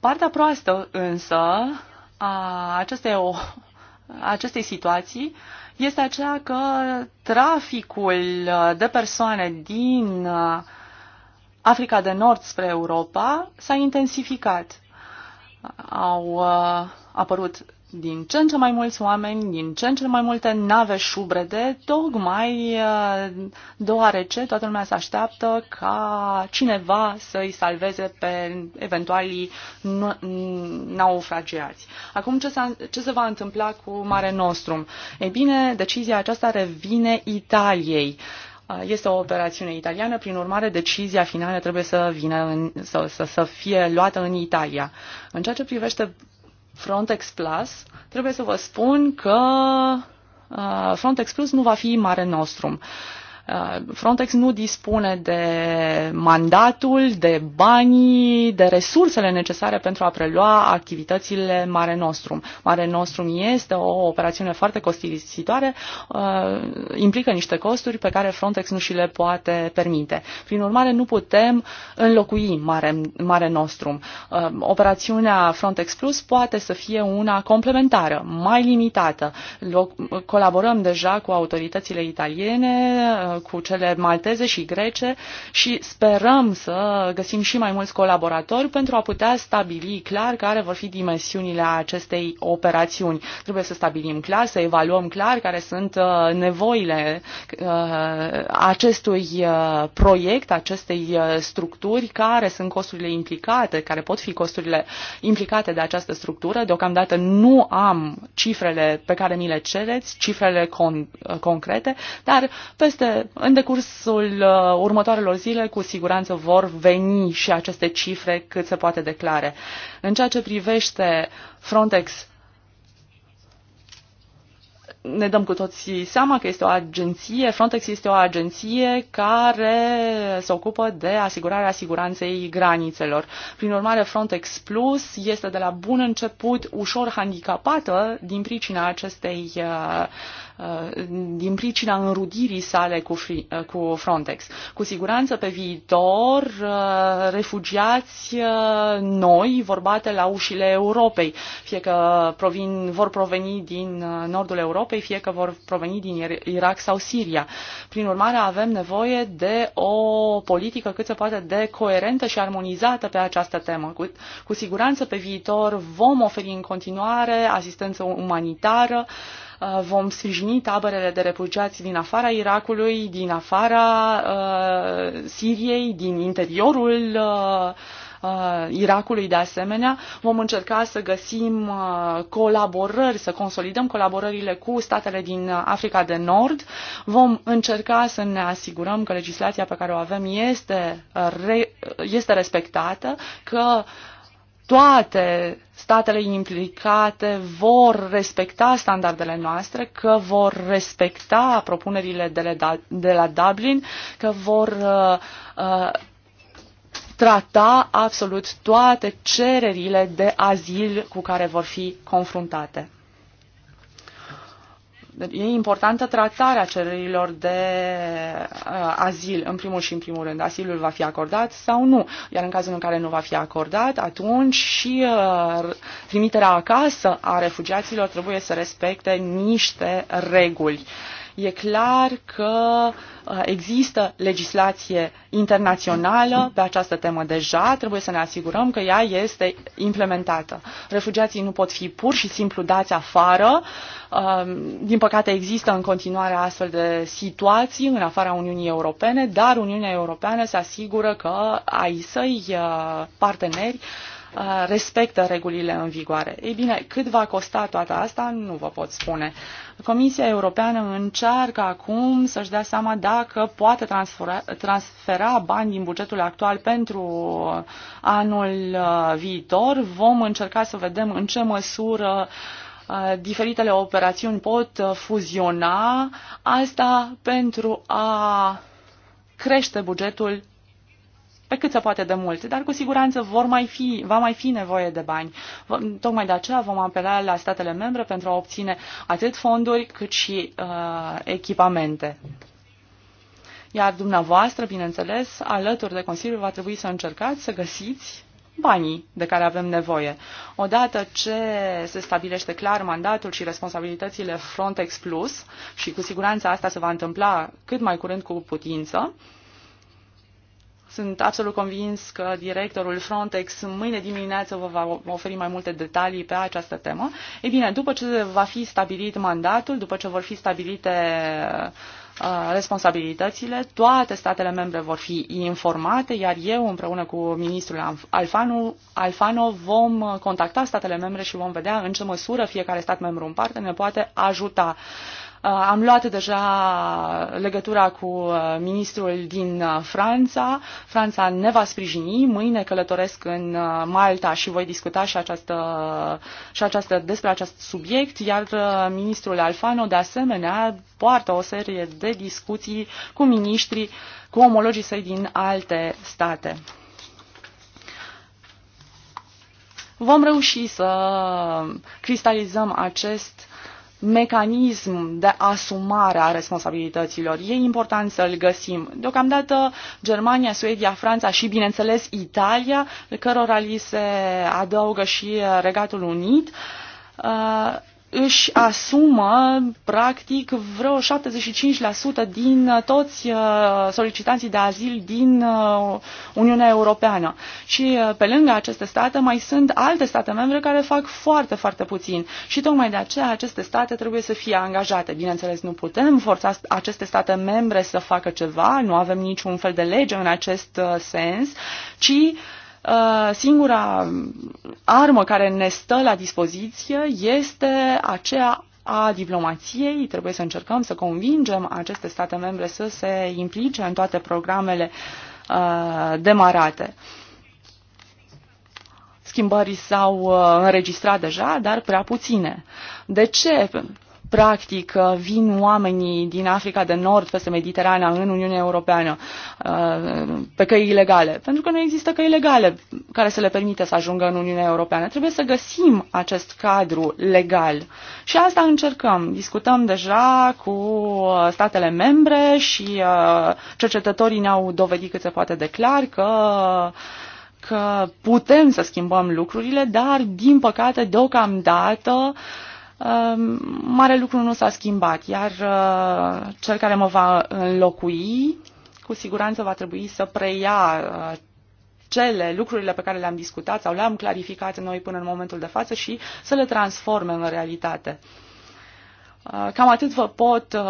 Partea proastă însă a acestei, o, a acestei situații este aceea că traficul de persoane din uh, Africa de Nord spre Europa s-a intensificat. Au uh, apărut din ce în ce mai mulți oameni, din ce în ce mai multe nave șubrede, tocmai uh, deoarece toată lumea se așteaptă ca cineva să-i salveze pe eventualii naufragiați. Acum, ce, ce se va întâmpla cu Mare Nostrum? Ei bine, decizia aceasta revine Italiei. Uh, este o operațiune italiană, prin urmare decizia finală trebuie să, vină în, să, să, să fie luată în Italia. În ceea ce privește Frontex Plus, trebuie să vă spun că uh, Frontex Plus nu va fi mare nostrum. Uh, Frontex nu dispune de mandatul, de banii, de resursele necesare pentru a prelua activitățile Mare Nostrum. Mare Nostrum este o operațiune foarte costisitoare, uh, implică niște costuri pe care Frontex nu și le poate permite. Prin urmare, nu putem înlocui Mare, Mare Nostrum. Uh, operațiunea Frontex Plus poate să fie una complementară, mai limitată. Colaborăm deja cu autoritățile italiene, cu cele malteze și grece și sperăm să găsim și mai mulți colaboratori pentru a putea stabili clar care vor fi dimensiunile acestei operațiuni. Trebuie să stabilim clar, să evaluăm clar care sunt uh, nevoile uh, acestui uh, proiect, acestei structuri, care sunt costurile implicate, care pot fi costurile implicate de această structură. Deocamdată nu am cifrele pe care mi le cereți, cifrele con- concrete, dar peste în decursul uh, următoarelor zile cu siguranță vor veni și aceste cifre cât se poate declare. În ceea ce privește Frontex, ne dăm cu toții seama că este o agenție, Frontex este o agenție care se ocupă de asigurarea siguranței granițelor. Prin urmare, Frontex Plus este de la bun început ușor handicapată din pricina acestei uh, Uh, din pricina înrudirii sale cu, uh, cu Frontex. Cu siguranță pe viitor uh, refugiați noi vorbate la ușile Europei, fie că provin, vor proveni din nordul Europei, fie că vor proveni din Irak sau Siria. Prin urmare, avem nevoie de o politică cât se poate de coerentă și armonizată pe această temă. Cu, cu siguranță pe viitor vom oferi în continuare asistență umanitară, uh, Uh, vom sprijini taberele de refugiați din afara Irakului, din afara uh, Siriei, din interiorul uh, uh Irakului de asemenea. Vom încerca să găsim uh, colaborări, să consolidăm colaborările cu statele din Africa de Nord. Vom încerca să ne asigurăm că legislația pe care o avem este, re, este respectată, că uh, toate statele implicate vor respecta standardele noastre, că vor respecta propunerile de la, de la Dublin, că vor uh, uh, trata absolut toate cererile de azil cu care vor fi confruntate. E importantă tratarea cererilor de uh, azil, în primul și în primul rând. Asilul va fi acordat sau nu. Iar în cazul în care nu va fi acordat, atunci și uh, trimiterea acasă a refugiaților trebuie să respecte niște reguli. Uh, E clar că uh, există legislație internațională pe această temă deja, trebuie să ne asigurăm că ea este implementată. Refugiații nu pot fi pur și simplu dați afară. Uh, din păcate există în continuare astfel de situații în afara Uniunii Europene, dar Uniunea Europeană se asigură că ai săi uh, parteneri Uh, respectă regulile în vigoare. Ei bine, cât va costa toată asta, nu vă pot spune. Comisia Europeană încearcă acum să-și dea seama dacă poate transfera, transfera bani din bugetul actual pentru anul uh, viitor. Vom încerca să vedem în ce măsură uh, diferitele operațiuni pot fuziona. Asta pentru a crește bugetul pe cât se poate de mult, dar cu siguranță vor mai fi, va mai fi nevoie de bani. Tocmai de aceea vom apela la statele membre pentru a obține atât fonduri cât și uh, echipamente. Iar dumneavoastră, bineînțeles, alături de Consiliu va trebui să încercați să găsiți banii de care avem nevoie. Odată ce se stabilește clar mandatul și responsabilitățile Frontex Plus, și cu siguranță asta se va întâmpla cât mai curând cu putință, uh, sunt absolut convins că directorul Frontex mâine dimineață vă va oferi mai multe detalii pe această temă. Ei bine, după ce va fi stabilit mandatul, după ce vor fi stabilite uh, responsabilitățile, toate statele membre vor fi informate, iar eu împreună cu ministrul Alfanu, Alfano vom contacta statele membre și vom vedea în ce măsură fiecare stat membru în parte ne poate ajuta. Uh, Uh, am luat deja legătura cu uh, ministrul din uh, Franța. Franța ne va sprijini. Mâine călătoresc în Malta și voi discuta și, această, și această, despre acest subiect, iar ministrul Alfano, de asemenea, poartă o serie de discuții cu miniștrii, cu omologii săi din alte state. Vom reuși să cristalizăm acest mecanism de asumare a responsabilităților. E important să-l găsim. Deocamdată Germania, Suedia, Franța și, bineînțeles, Italia, cărora li se adaugă și Regatul Unit, uh, își asumă practic vreo 75% din uh, toți uh, solicitanții de azil din uh, Uniunea Europeană. Și pe lângă aceste state mai sunt alte state membre care fac foarte, foarte puțin. Și tocmai de aceea aceste state trebuie să fie angajate. Bineînțeles, nu putem forța aceste state membre să facă ceva, nu avem niciun fel de lege în acest sens, ci uh, Uh, singura armă care ne stă la dispoziție este aceea a diplomației, trebuie să încercăm să convingem aceste state membre să se implice în toate programele uh, demarate. Schimbării s-au uh, înregistrat deja, dar prea puține. De ce? practic vin oamenii din Africa de Nord peste Mediterana în Uniunea Europeană uh, pe căi ilegale? Pentru că nu există căi legale care să le permite să ajungă în Uniunea Europeană. Trebuie să găsim acest cadru legal. Și asta încercăm. Discutăm deja cu uh, statele membre și uh, cercetătorii ne-au dovedit cât se poate de clar că că putem să schimbăm lucrurile, dar, din păcate, deocamdată uh, Um, mare lucru nu s-a schimbat, iar uh, cel care mă va înlocui cu siguranță va trebui să preia uh, cele lucrurile pe care le-am discutat sau le-am clarificat noi până în momentul de față și să le transforme în realitate. Uh, cam atât vă pot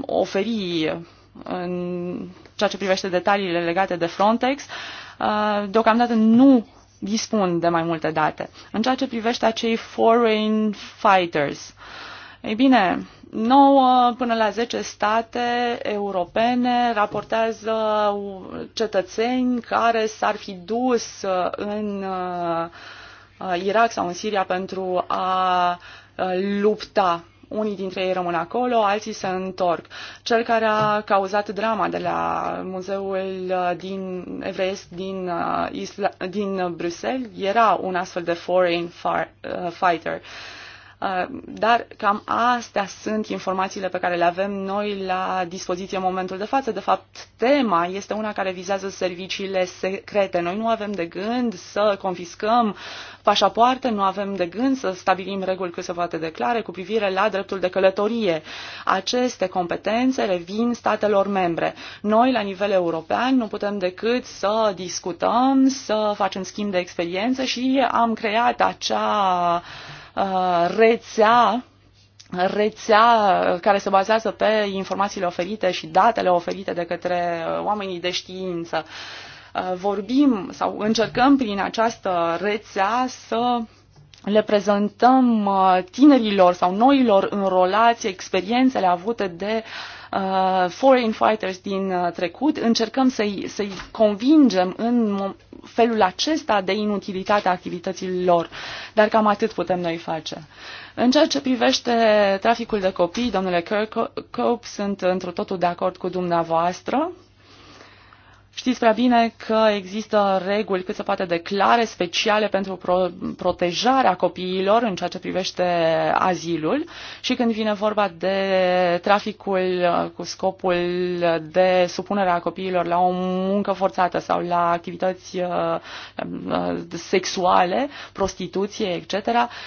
oferi în ceea ce privește detaliile legate de Frontex. Deocamdată nu dispun de mai multe date. În ceea ce privește acei foreign fighters, ei bine, 9 până la 10 state europene raportează cetățeni care s-ar fi dus în uh, Irak sau în Siria pentru a uh, lupta unii dintre ei rămân acolo, alții se întorc. Cel care a cauzat drama de la muzeul uh, din evreiesc din, uh, Isla, din Bruxelles era un astfel de foreign far, uh, fighter. Uh, Uh, dar cam astea sunt informațiile pe care le avem noi la dispoziție în momentul de față. De fapt, tema este una care vizează serviciile secrete. Noi nu avem de gând să confiscăm pașapoarte, nu avem de gând să stabilim reguli cât se poate declare cu privire la dreptul de călătorie. Aceste competențe revin statelor membre. Noi, la nivel european, nu putem decât să discutăm, să facem schimb de experiență și am creat acea Uh, rețea rețea care se bazează pe informațiile oferite și datele oferite de către uh, oamenii de știință. Uh, vorbim sau încercăm prin această rețea să le prezentăm tinerilor sau noilor înrolați experiențele avute de uh, uh, foreign fighters din uh, trecut, încercăm să-i, să convingem în felul acesta de inutilitatea activităților, lor. Dar cam atât putem noi face. În ceea ce privește traficul de copii, domnule Kirkhope, sunt într totul de acord cu dumneavoastră. Știți prea bine că există reguli cât se poate de clare, speciale pentru pro- protejarea copiilor în ceea ce privește azilul și când vine vorba de traficul uh, cu scopul de supunerea copiilor la o muncă forțată sau la activități uh, uh, sexuale, prostituție, etc.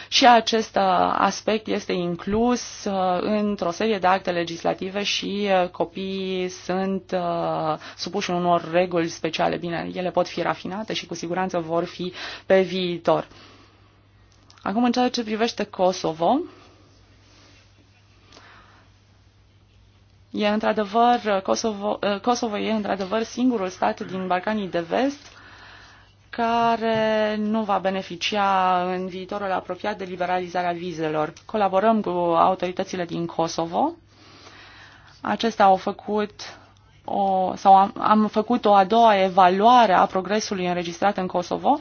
Și acest aspect este inclus într-o serie de acte legislative și copiii sunt supuși unor reguli speciale. Bine, ele pot fi rafinate și cu siguranță vor fi pe viitor. Acum, în ceea ce privește Kosovo, E într-adevăr, Kosovo, Kosovo e într-adevăr singurul stat din Balcanii de Vest care nu va beneficia în viitorul apropiat de liberalizarea vizelor. Colaborăm cu autoritățile din Kosovo. Acestea au făcut o, sau am, am făcut o a doua evaluare a progresului înregistrat în Kosovo.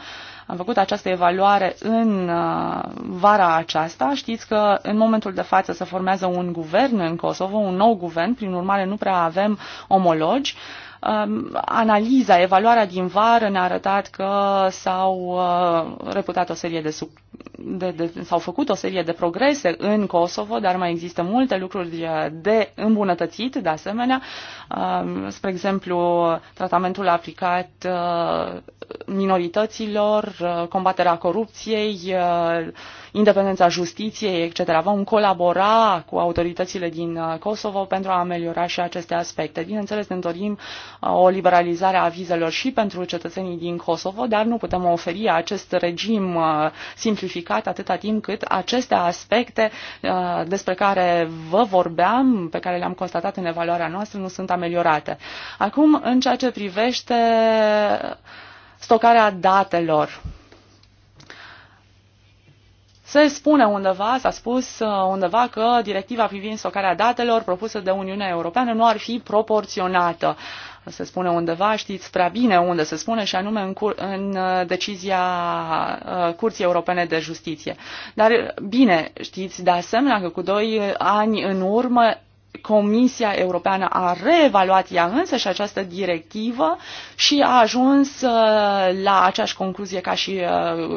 Am făcut această evaluare în uh, vara aceasta. Știți că în momentul de față se formează un guvern în Kosovo, un nou guvern, prin urmare nu prea avem omologi. Uh, Um, analiza, evaluarea din vară ne-a arătat că s-au uh, reputat o serie de, sub, de, de s-au făcut o serie de progrese în Kosovo, dar mai există multe lucruri uh, de îmbunătățit, de asemenea, um, spre exemplu, tratamentul aplicat uh, minorităților, combaterea corupției, independența justiției, etc. Vom colabora cu autoritățile din uh, Kosovo pentru a ameliora și aceste aspecte. Bineînțeles, ne dorim uh, o liberalizare a vizelor și pentru cetățenii din Kosovo, dar nu putem oferi acest regim uh, simplificat atâta timp cât aceste aspecte despre care vă vorbeam, pe care le-am constatat în evaluarea noastră, nu sunt ameliorate. Acum, în ceea ce privește stocarea datelor. Se spune undeva, s-a spus uh, undeva că directiva privind stocarea datelor propusă de Uniunea Europeană nu ar fi proporționată. Se spune undeva, știți prea bine unde se spune, și anume în, cur- în uh, decizia uh, Curții Europene de Justiție. Dar bine, știți de asemenea că cu doi ani în urmă Comisia Europeană a reevaluat ea însă și această directivă și a ajuns la aceeași concluzie ca și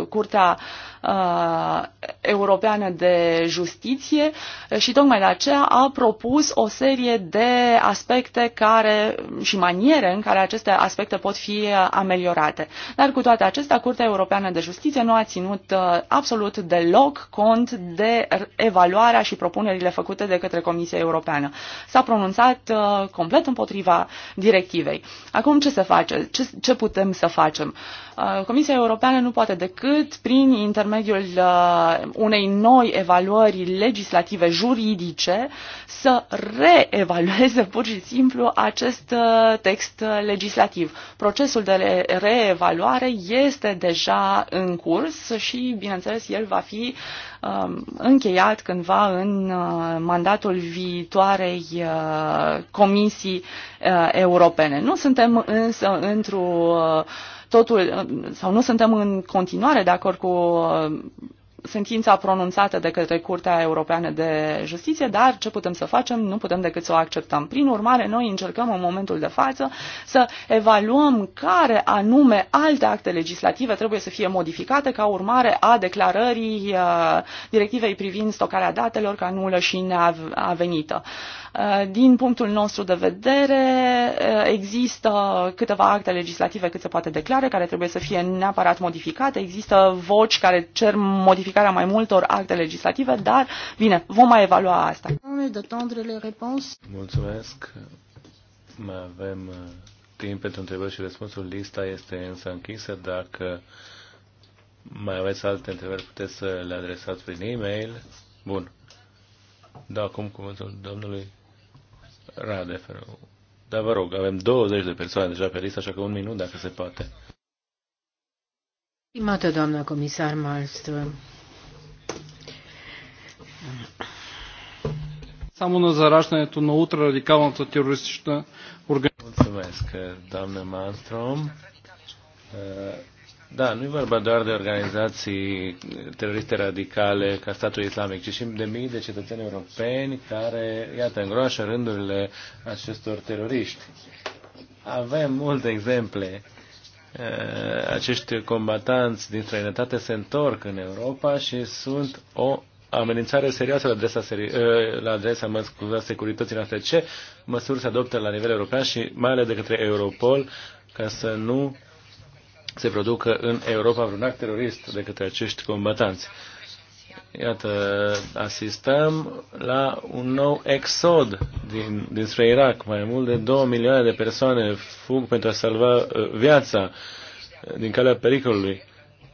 Curtea uh, Uh, europeană de Justiție și tocmai de aceea a propus o serie de aspecte care și maniere în care aceste aspecte pot fi ameliorate. Dar cu toate acestea, Curtea Europeană de Justiție nu a ținut uh, absolut deloc cont de evaluarea și propunerile făcute de către Comisia Europeană. S-a pronunțat uh, complet împotriva directivei. Acum ce se face? Ce, ce putem să facem? Comisia Europeană nu poate decât prin intermediul intermediul uh, unei noi evaluări legislative juridice să reevalueze pur și simplu acest uh, text legislativ. Procesul de reevaluare este deja în curs și, bineînțeles, el va fi um, încheiat cândva în uh, mandatul viitoarei comisii europene. Nu suntem însă într-o totul, sau nu suntem în continuare de acord cu uh, sentința pronunțată de către Curtea Europeană de Justiție, dar ce putem să facem? Nu putem decât să o acceptăm. Prin urmare, noi încercăm în momentul de față să evaluăm care anume alte acte legislative trebuie să fie modificate ca urmare a declarării uh, directivei privind stocarea datelor ca nulă și neavenită. Uh, Uh, din punctul nostru de vedere, uh, există câteva acte legislative cât se poate declare, care trebuie să fie neapărat modificate. Există voci care cer modificarea mai multor acte legislative, dar, bine, vom mai evalua asta. Mulțumesc. Mai avem uh, timp pentru întrebări și răspunsuri. Lista este însă închisă. Dacă mai aveți alte întrebări, puteți să le adresați prin e-mail. Bun. Da, acum cuvântul domnului Radev. Dar vă rog, avem 20 de persoane deja pe listă, așa că un minut dacă se poate. Stimată doamna comisar Malmström, само на зараждането на ултрарадикалната терористична организация. Mulțumesc, doamna Malmström. Da, nu e vorba doar de organizații teroriste radicale ca statul islamic, ci și de mii de cetățeni europeni care, iată, îngroașă rândurile acestor teroriști. Avem multe exemple. Eh, acești combatanți din străinătate se întorc în Europa și sunt o amenințare serioasă la adresa, seri- eh, la adresa mă scuza, securității noastre. Ce măsuri se adoptă la nivel european și mai ales de către Europol ca să nu se producă în Europa vreun act terorist de către acești combatanți. Iată, asistăm la un nou exod din, dinspre Irak. Mai mult de 2 milioane de persoane fug pentru a salva uh, viața uh, din calea pericolului.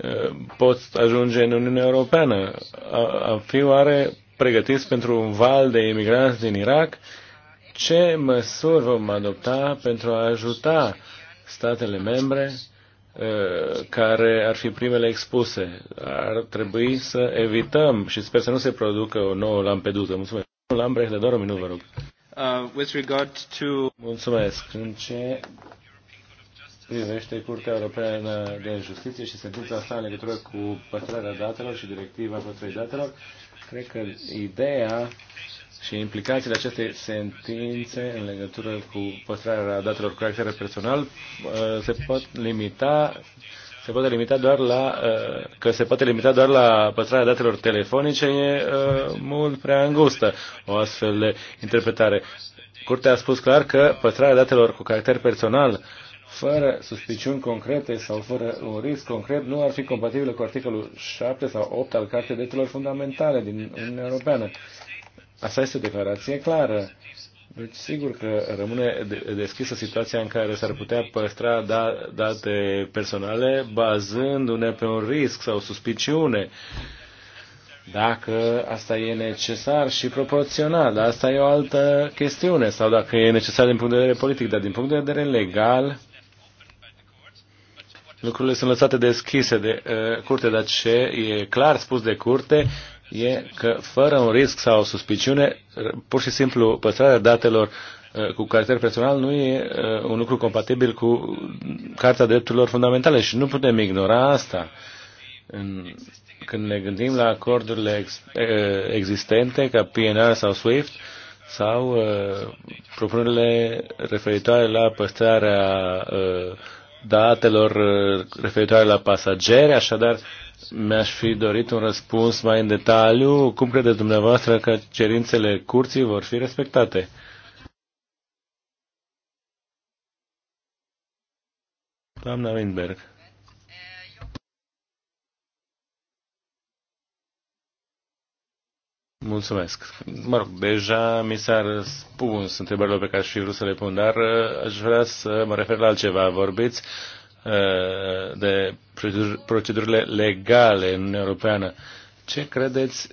Uh, pot ajunge în Uniunea Europeană. A, a fi oare pregătiți pentru un val de imigranți din Irak? Ce măsuri vom adopta pentru a ajuta statele membre Uh, care ar fi primele expuse. Ar trebui să evităm și sper să nu se producă o nouă Lampedusa. Mulțumesc. Lambrecht, doar un minut, vă rog. Uh, with regard to... Mulțumesc. În ce privește Curtea Europeană de Justiție și sentința asta în legătură cu păstrarea datelor și directiva păstrării datelor, cred că ideea și implicațiile acestei sentințe în legătură cu păstrarea datelor cu caracter personal uh, se pot limita se poate limita doar la uh, că se poate limita doar la păstrarea datelor telefonice e uh, mult prea îngustă o astfel de interpretare. Curtea a spus clar că păstrarea datelor cu caracter personal fără suspiciuni concrete sau fără un risc concret nu ar fi compatibilă cu articolul 7 sau 8 al Cartei Drepturilor Fundamentale din Uniunea Europeană Asta este o declarație clară. Deci, sigur că rămâne deschisă situația în care s-ar putea păstra da, date personale bazându-ne pe un risc sau suspiciune. Dacă asta e necesar și proporțional, dar asta e o altă chestiune, sau dacă e necesar din punct de vedere politic, dar din punct de vedere legal, lucrurile sunt lăsate deschise de uh, curte, dar ce e clar spus de curte e că fără un risc sau o suspiciune, pur și simplu păstrarea datelor uh, cu caracter personal nu e uh, un lucru compatibil cu Carta Drepturilor Fundamentale și nu putem ignora asta. Când ne gândim la acordurile ex, uh, existente ca PNR sau SWIFT sau propunerile referitoare la păstrarea datelor referitoare la pasageri, așadar mi-aș fi dorit un răspuns mai în detaliu. Cum credeți dumneavoastră că cerințele curții vor fi respectate? Doamna Windberg. Mulțumesc. Mă rog, deja mi s-a răspuns întrebările pe care și vrut să le pun, dar aș vrea să mă refer la altceva. Vorbiți de procedurile legale în Uniunea Europeană. Ce credeți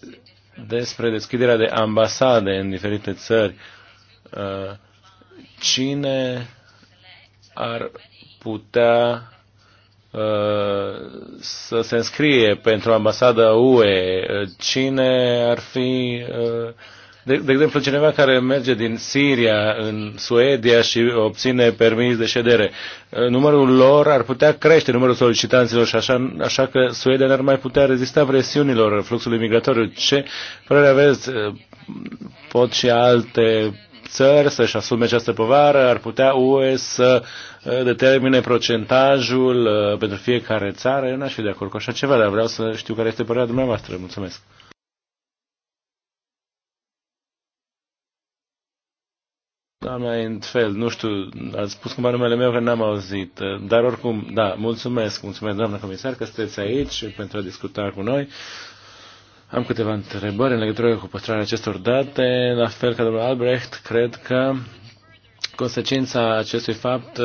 despre deschiderea de ambasade în diferite țări? Uh, cine ar putea uh, să se înscrie pentru ambasada UE? Uh, cine ar fi de, de exemplu, cineva care merge din Siria în Suedia și obține permis de ședere, uh, numărul lor ar putea crește, numărul solicitanților și așa, așa că Suedia n-ar mai putea rezista presiunilor fluxului migratoriu. Ce părere aveți? Uh, pot și alte țări să-și asume această povară, ar putea UE să uh, determine procentajul pentru fiecare țară. Eu n-aș fi de acord cu așa ceva, dar vreau să știu care este părerea dumneavoastră. Mulțumesc. Doamna Entfeld, nu știu, ați spus cumva numele meu că n-am auzit, dar oricum, da, mulțumesc, mulțumesc doamna comisar că sunteți aici pentru a discuta cu noi. Am câteva întrebări în legătură cu păstrarea acestor date, la fel ca domnul Albrecht, cred că consecința acestui fapt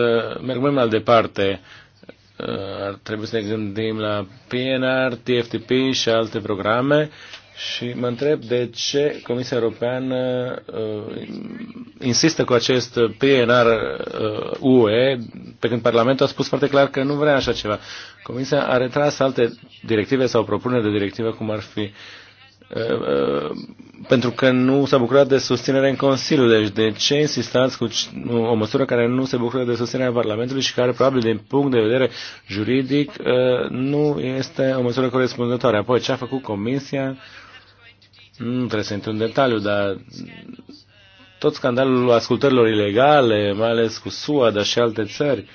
merg mai mai departe. Ar trebui să ne gândim la PNR, TFTP și alte programe și mă întreb de ce Comisia Europeană uh, insistă cu acest PNR uh, UE, pe când Parlamentul a spus foarte clar că nu vrea așa ceva. Comisia a retras alte directive sau propuneri de directive, cum ar fi uh, uh, pentru că nu s-a bucurat de susținere în Consiliu. Deci de ce insistați cu o măsură care nu se bucură de susținerea Parlamentului și care probabil din punct de vedere juridic uh, nu este o măsură corespunzătoare? Apoi ce a făcut Comisia nu trebuie să intru în detaliu, dar tot scandalul ascultărilor ilegale, mai ales cu SUA, dar și alte țări,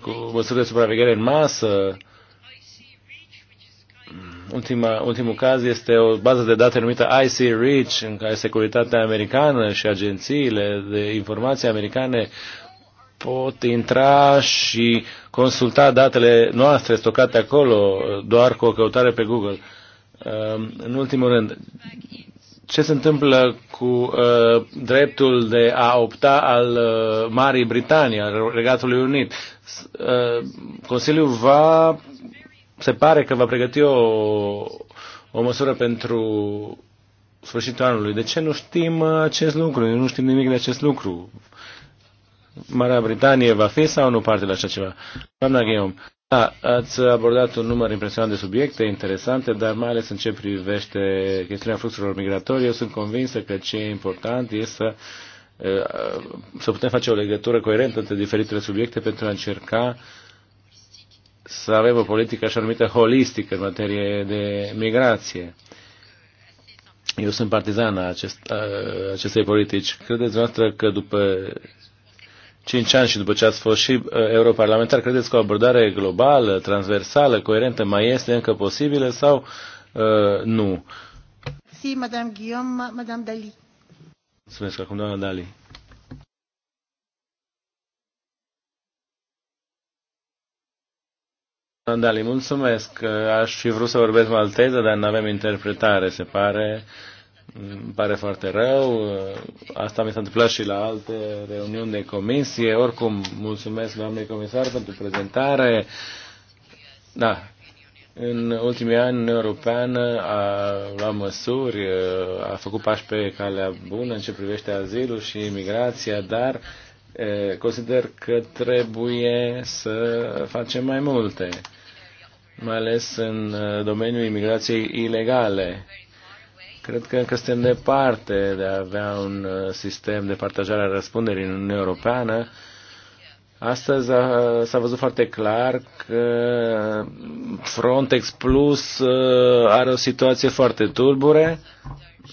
cu măsuri de supraveghere în masă. Ultima, ultimul caz este o bază de date numită IC Reach, în care securitatea americană și agențiile de informații americane pot intra și consulta datele noastre stocate acolo doar cu o căutare pe Google. Ehm, în ultimul rând, ce se întâmplă cu eh, dreptul de a opta al eh, Marii Britanii, al Regatului Unit? Eh, Consiliul va, se pare că va pregăti o, o măsură pentru sfârșitul anului. De ce nu știm acest lucru? Nu știm nimic de acest lucru. Marea Britanie va fi sau nu parte la așa ceva? Doamna Guillaume, da, ați abordat un număr impresionant de subiecte interesante, dar mai ales în ce privește chestiunea fluxurilor migratorii, eu sunt convinsă că ce e important este să, uh, să putem face o legătură coerentă între diferitele subiecte pentru a încerca să avem o politică așa numită holistică în materie de migrație. Eu sunt partizan a acest, acestei politici. Credeți noastră că după cinci ani și după ce ați fost și uh, europarlamentar, credeți că o abordare globală, transversală, coerentă mai este încă posibilă sau uh, nu? Si, Madame Guillaume, Madame Dali. Mulțumesc acum, doamna Dali. Dali, mulțumesc. Aș fi vrut să vorbesc malteză, dar nu avem interpretare, se pare. Uh, îmi pare foarte rău. Asta mi s-a întâmplat și la alte reuniuni de comisie. Oricum, mulțumesc doamne comisar pentru prezentare. Da, în ultimii ani Uniunea Europeană a luat măsuri, a făcut pași pe calea bună în ce privește azilul și imigrația, dar consider că trebuie să facem mai multe, mai ales în domeniul imigrației ilegale Cred că încă suntem departe de a avea un uh, sistem de partajare a răspunderii în Uniunea Europeană. Astăzi s-a văzut foarte clar că Frontex Plus uh, are o situație foarte tulbure.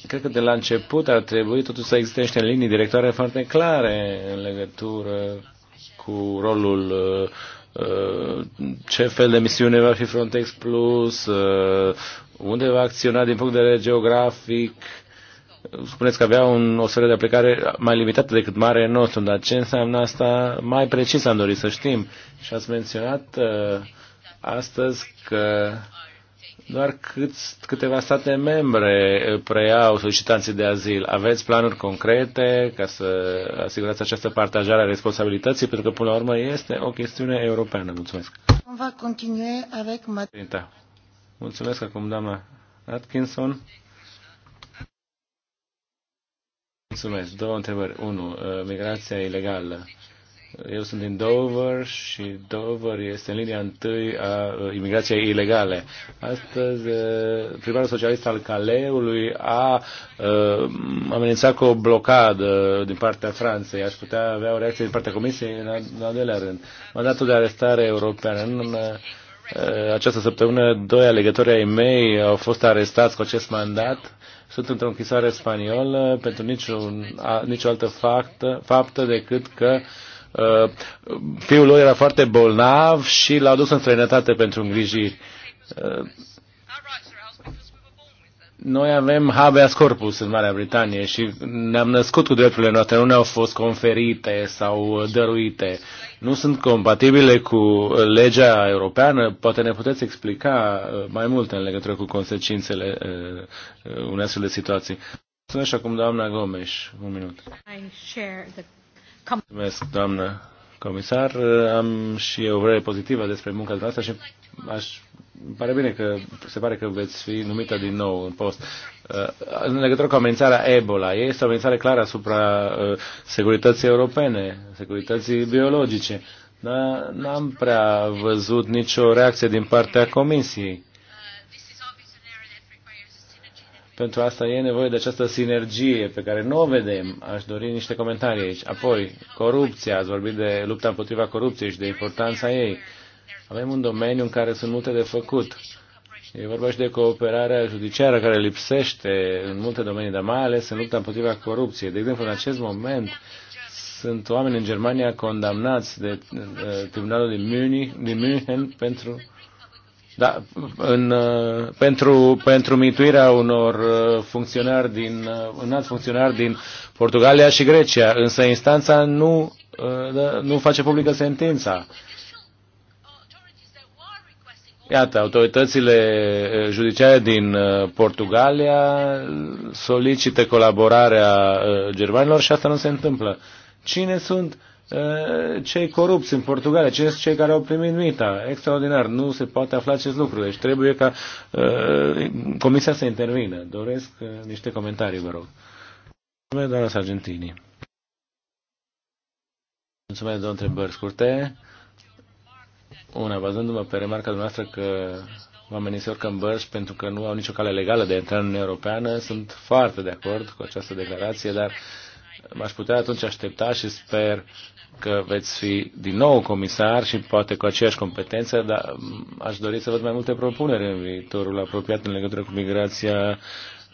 Cred că de la început ar trebui totuși să existe niște linii directoare foarte clare în legătură cu rolul uh, ce fel de misiune va fi Frontex Plus, unde va acționa din punct de vedere geografic? Spuneți că avea un, o sferă de aplicare mai limitată decât mare nostru, dar ce înseamnă asta? Mai precis am dorit să știm. Și ați menționat uh, astăzi că doar câți, câteva state membre uh, preiau solicitanții de azil. Aveți planuri concrete ca să asigurați această partajare a responsabilității? Pentru că, până la urmă, este o chestiune europeană. Mulțumesc. Vom va continua avec... Mulțumesc acum, doamna Atkinson. Mulțumesc. Două întrebări. Unu, uh, migrația ilegală. Eu sunt din Dover și Dover este în linia întâi a uh, imigrației ilegale. Astăzi, uh, primarul socialist al Caleului a amenințat cu o blocadă din partea Franței. Aș putea avea o reacție din partea Comisiei în al doilea rând. Mandatul de arestare european în Uh, această săptămână, doi alegători ai mei au fost arestați cu acest mandat. Sunt într-o închisoare spaniolă pentru niciun, a, nicio altă faptă, faptă decât că uh, fiul lor era foarte bolnav și l-au dus în străinătate pentru îngrijiri. Uh, noi avem habeas corpus în Marea Britanie și ne-am născut cu drepturile noastre, nu ne-au fost conferite sau dăruite. Nu sunt compatibile cu legea europeană. Poate ne puteți explica uh, mai multe în legătură cu consecințele uh, uh, unei astfel de situații. Mulțumesc acum doamna Gomes. Un minut. Mulțumesc, doamna comisar. Uh, am și eu o vreme pozitivă despre munca noastră și aș, îmi pare bine că se pare că veți fi numită din nou în post. Uh, în legătură cu amenințarea Ebola, este o amenințare clară asupra uh, securității europene, securității biologice, dar n-am prea văzut nicio reacție din partea Comisiei. Pentru asta e nevoie de această sinergie pe care nu o vedem. Aș dori niște comentarii aici. Apoi, corupția. Ați vorbit de lupta împotriva corupției și de importanța ei. Avem un domeniu în care sunt multe de făcut. E vorba și de cooperarea judiciară care lipsește în multe domenii, dar mai ales în lupta împotriva corupției. De exemplu, în acest moment sunt oameni în Germania condamnați de uh, tribunalul din München, din München pentru da, în, pentru, pentru mituirea unor uh, funcționari din, uh, un alt funcționar din Portugalia și Grecia, însă instanța nu, uh, nu face publică sentința. Iată, autoritățile eh, judiciare din eh, Portugalia solicită colaborarea eh, germanilor și asta nu se întâmplă. Cine sunt cei corupți în Portugalia, cine sunt cei care au primit mita? Extraordinar, nu se poate afla acest lucru, deci trebuie ca comisia să intervină. Doresc niște comentarii, vă rog. Mulțumesc, doamna Sargentini. Mulțumesc, două întrebări scurte. Una, bazându-mă pe remarca dumneavoastră că oamenii se urcă în bărci pentru că nu au nicio cale legală de a intra în Uniunea Europeană, sunt foarte de acord cu această declarație, dar m-aș putea atunci aștepta și sper că veți fi din nou comisar și poate cu aceeași competență, dar aș dori să văd mai multe propuneri în viitorul apropiat în legătură cu migrația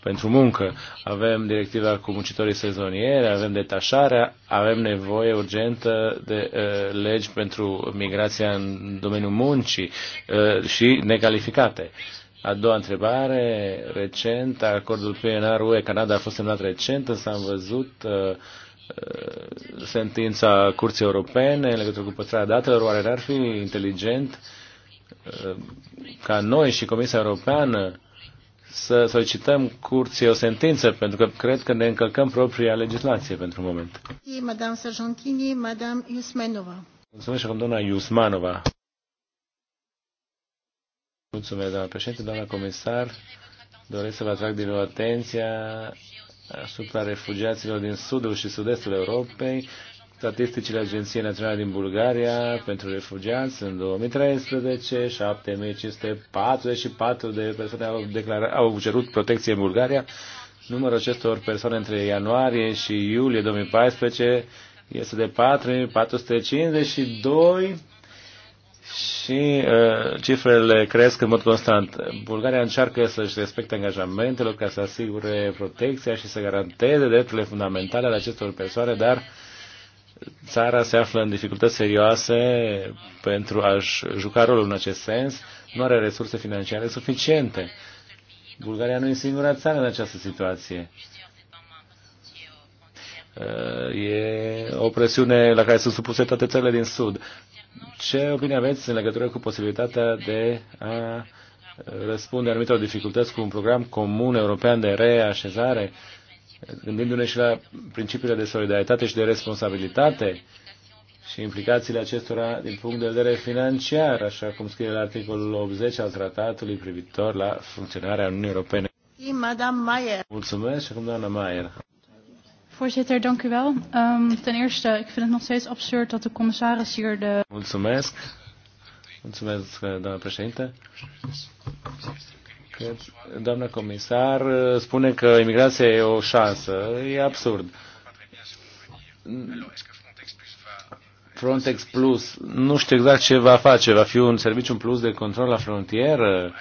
pentru muncă. Avem directiva cu muncitorii sezonieri, avem detașarea, avem nevoie urgentă de uh, legi pentru migrația în domeniul muncii uh, și necalificate. A doua întrebare, recent, acordul PNR-UE Canada a fost semnat recent, însă am văzut uh, uh, sentința Curții Europene în legătură cu păstrarea datelor, oare n-ar fi inteligent uh, ca noi și Comisia Europeană să solicităm curții o sentință, pentru că cred că ne încălcăm propria legislație pentru un moment. Madame Sargentini, Madame Iusmenova. Mulțumesc, doamna Iusmanova. Mulțumesc, doamna președinte, doamna comisar. Doresc să vă atrag din nou atenția asupra refugiaților din sudul și sud-estul Europei statisticile Agenției Naționale din Bulgaria pentru Refugiați în 2013, 7544 de persoane au, declarat, au cerut protecție în Bulgaria. Numărul acestor persoane între ianuarie și iulie 2014 este de 4452 și uh, cifrele cresc în mod constant. Bulgaria încearcă să-și respecte angajamentele ca să asigure protecția și să garanteze drepturile fundamentale ale acestor persoane, dar uh, țara se află în dificultăți serioase pentru a-și juca rolul în acest sens, nu are resurse financiare suficiente. Bulgaria nu e singura țară în această situație. Uh, e o presiune la care sunt supuse toate țările din Sud. Ce opinie aveți în legătură cu posibilitatea de a răspunde anumitor dificultăți cu un program comun european de reașezare? gândindu-ne și la principiile de solidaritate și de responsabilitate și implicațiile acestora din punct de vedere financiar, așa cum scrie la articolul 80 al tratatului privitor la funcționarea Uniunii Europene. Mulțumesc și acum doamna Mayer. Voorzitter, dank u wel. Um, ten eerste, ik vind het nog steeds absurd dat de commissaris hier de... Mulțumesc. Mulțumesc, doamna președinte că doamna comisar uh, spune că imigrația e o șansă. E absurd. Frontex Plus, nu știu exact ce va face. Va fi un serviciu plus de control la frontieră?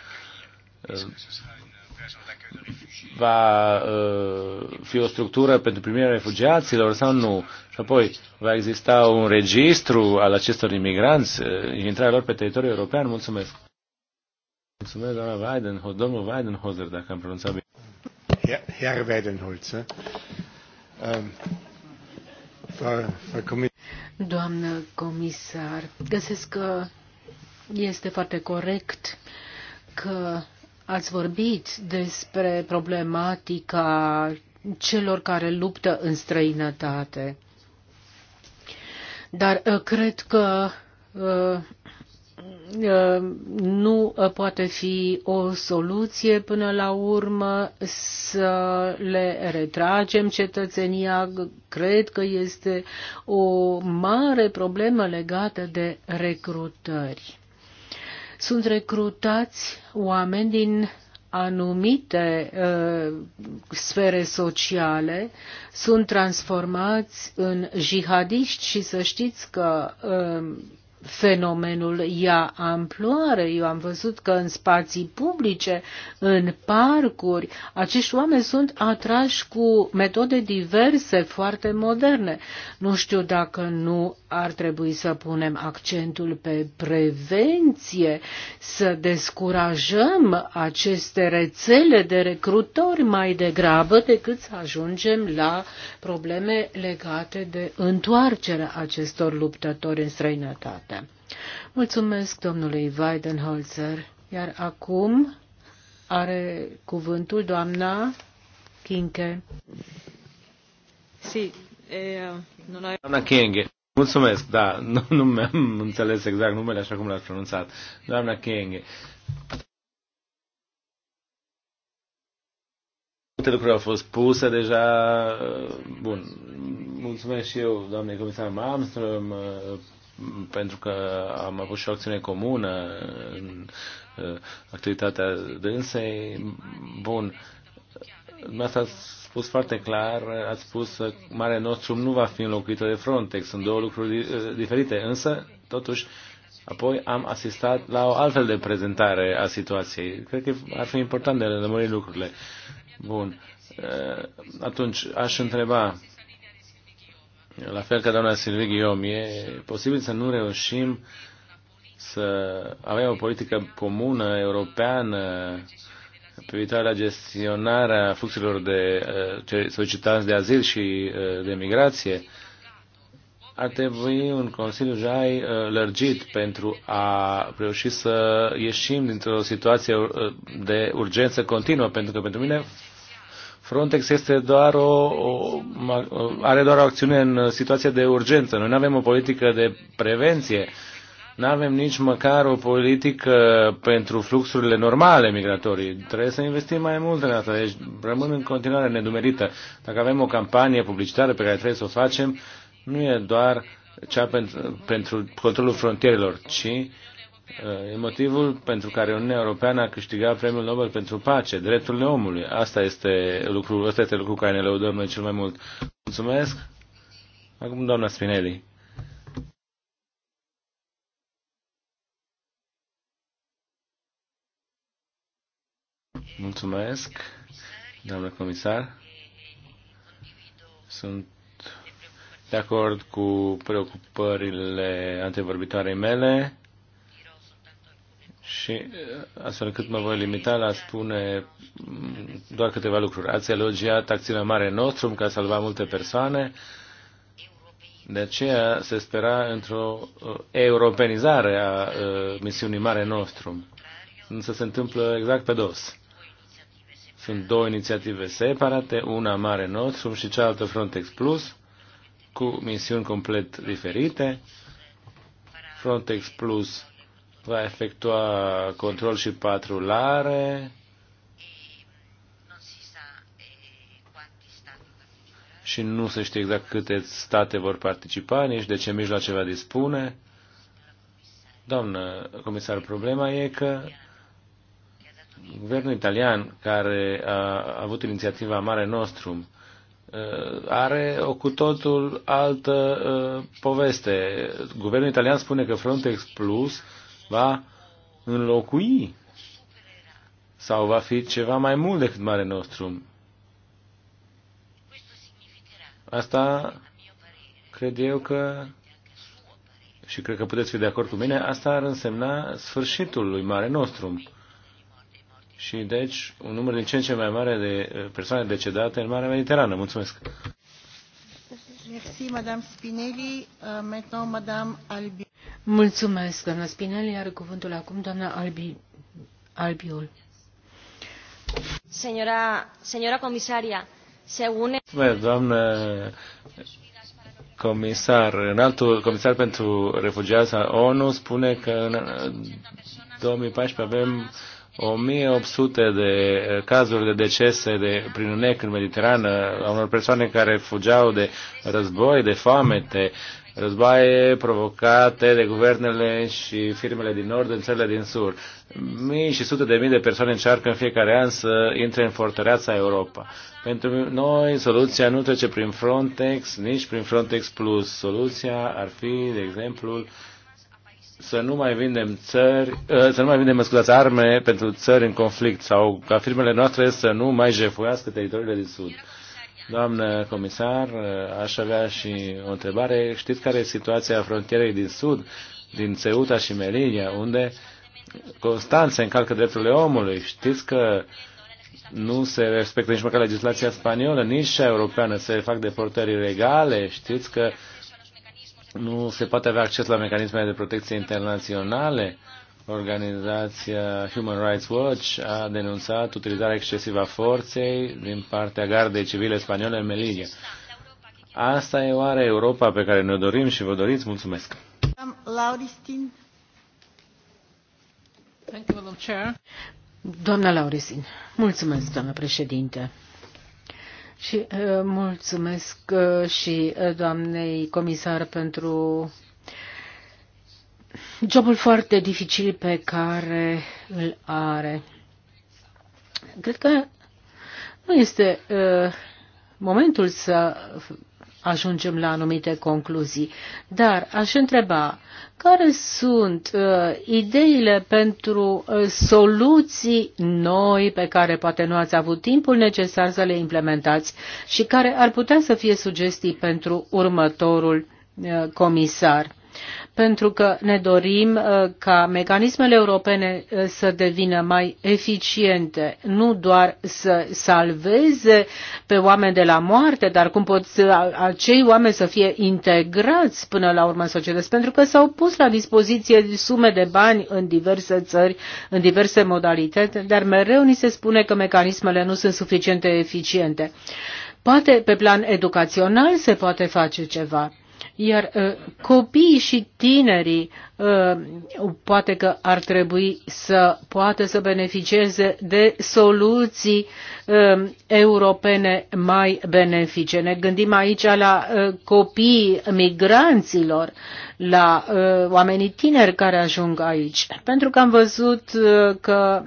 Va uh, fi o structură pentru primirea refugiaților sau nu? Și apoi, va exista un registru al acestor imigranți, uh, intrarea lor pe teritoriul european? Mulțumesc! Mulțumesc, doamna Weidenholz, domnul Weidenholzer, dacă am pronunțat bine. Herr, Herr Weidenholzer. Ähm, Doamnă comisar, găsesc că este foarte corect că ați vorbit despre problematica celor care luptă în străinătate. Dar uh, cred că uh, nu poate fi o soluție până la urmă să le retragem cetățenia. Cred că este o mare problemă legată de recrutări. Sunt recrutați oameni din anumite uh, sfere sociale sunt transformați în jihadiști și să știți că uh, fenomenul ia amploare. Eu am văzut că în spații publice, în parcuri, acești oameni sunt atrași cu metode diverse, foarte moderne. Nu știu dacă nu ar trebui să punem accentul pe prevenție, să descurajăm aceste rețele de recrutori mai degrabă decât să ajungem la probleme legate de întoarcerea acestor luptători în străinătate. Mulțumesc domnului Weidenholzer. Iar acum are cuvântul doamna Kinke. Si, e, eh, Doamna Kinke. Mulțumesc, da, <laughs> nu, nu mi-am înțeles exact numele așa cum l-ați pronunțat. Doamna Kinke. Multe lucruri au fost puse deja. Bun, mulțumesc și eu, doamne comisar Malmström, pentru că am avut și o acțiune comună în uh, activitatea dânsei. Bun, dumneavoastră ați spus foarte clar, ați spus că Mare Nostrum nu va fi înlocuită de Frontex. Sunt două lucruri uh, diferite, însă, totuși, apoi am asistat la o altfel de prezentare a situației. Cred că ar fi important de lămuri lucrurile. Bun. Uh, atunci, aș întreba, la fel ca doamna Silvie Ghiom, e posibil să nu reușim să avem o politică comună, europeană, viitoare la gestionarea fluxurilor de uh, solicitanți de azil și uh, de migrație, ar trebui un Consiliu Jai uh, lărgit pentru a reuși să ieșim dintr-o situație de urgență continuă, pentru că pentru mine Frontex este doar o, o, are doar o acțiune în situație de urgență. Noi nu avem o politică de prevenție. Nu avem nici măcar o politică pentru fluxurile normale migratorii. Trebuie să investim mai mult în asta. Deci rămân în continuare nedumerită. Dacă avem o campanie publicitară pe care trebuie să o facem, nu e doar cea pentru, pentru controlul frontierelor, ci Uh, e motivul pentru care Uniunea Europeană a câștigat Premiul Nobel pentru Pace, drepturile omului. Asta este lucru, asta este lucru care ne lăudăm noi cel mai mult. Mulțumesc. Acum doamna Spinelli. Mulțumesc, doamnă comisar. Sunt de acord cu preocupările antevorbitoarei mele și astfel încât mă voi limita la spune mm, doar câteva lucruri. Ați elogiat acțiunea Mare Nostrum că a salvat multe persoane, de aceea se spera într-o uh, europenizare a uh, misiunii Mare Nostrum. Însă se întâmplă exact pe dos. Sunt două inițiative separate, una Mare Nostrum și cealaltă Frontex Plus, cu misiuni complet diferite. Frontex Plus va efectua control și patrulare și nu se știe exact câte state vor participa, nici de ce mijloace va dispune. Doamnă comisar, problema e că guvernul italian, care a avut inițiativa Mare Nostrum, uh, are o cu totul altă uh, poveste. Guvernul italian spune că Frontex Plus va înlocui sau va fi ceva mai mult decât Mare nostru. Asta cred eu că, și cred că puteți fi de acord cu mine, asta ar însemna sfârșitul lui Mare nostru. Și deci un număr din ce în ce mai mare de uh, persoane decedate în Marea Mediterană. Mulțumesc! Merci, Madame Spinelli. Uh, maintenant, Madame Albi. Mulțumesc, doamna Spinelli. Are cuvântul acum doamna Albi, Albiol. Señora, señora comisaria, según... Doamnă comisar, înaltul comisar pentru refugiați al ONU spune că în 2014 avem 1800 de cazuri de decese de, prin nec în Mediterană a unor persoane care fugeau de război, de foamete, războaie provocate de guvernele și firmele din nord în țările din sur. Mii și sute de mii de persoane încearcă în fiecare an să intre în fortăreața Europa. Pentru noi, soluția nu trece prin Frontex, nici prin Frontex Plus. Soluția ar fi, de exemplu, să nu mai vindem țări, ă, să nu mai vindem, scuzați, arme pentru țări în conflict sau ca firmele noastre să nu mai jefuiască teritoriile din Sud. Doamnă comisar, aș avea și o întrebare. Știți care e situația frontierei din sud, din Ceuta și Melilla, unde constant se încalcă drepturile omului? Știți că nu se respectă nici măcar legislația spaniolă, nici cea europeană, se fac deportări ilegale, știți că nu se poate avea acces la mecanismele de protecție internaționale. Uh, Organizația Human Rights Watch a denunțat utilizarea excesivă a forței din partea gardei civile spaniole în Melilla. Asta e oare Europa pe care ne-o dorim și vă doriți? Mulțumesc! Lauristin. Thank you, Madam Chair. Doamna Lauristin, mulțumesc, doamna președinte. Și uh, mulțumesc uh, și uh, doamnei comisar pentru jobul foarte dificil pe care îl are. Cred că nu este uh, momentul să ajungem la anumite concluzii, dar aș întreba care sunt uh, ideile pentru uh, soluții noi pe care poate nu ați avut timpul necesar să le implementați și care ar putea să fie sugestii pentru următorul uh, comisar pentru că ne dorim uh, ca mecanismele europene uh, să devină mai eficiente, nu doar să salveze pe oameni de la moarte, dar cum pot acei oameni să fie integrați până la urmă în societăți, pentru că s-au pus la dispoziție sume de bani în diverse țări, în diverse modalități, dar mereu ni se spune că mecanismele nu sunt suficient de eficiente. Poate pe plan educațional se poate face ceva iar uh, copiii și tinerii uh, poate că ar trebui să poată să beneficieze de soluții uh, europene mai benefice. Ne gândim aici la copiii migranților, la oamenii tineri care ajung aici, pentru că am văzut că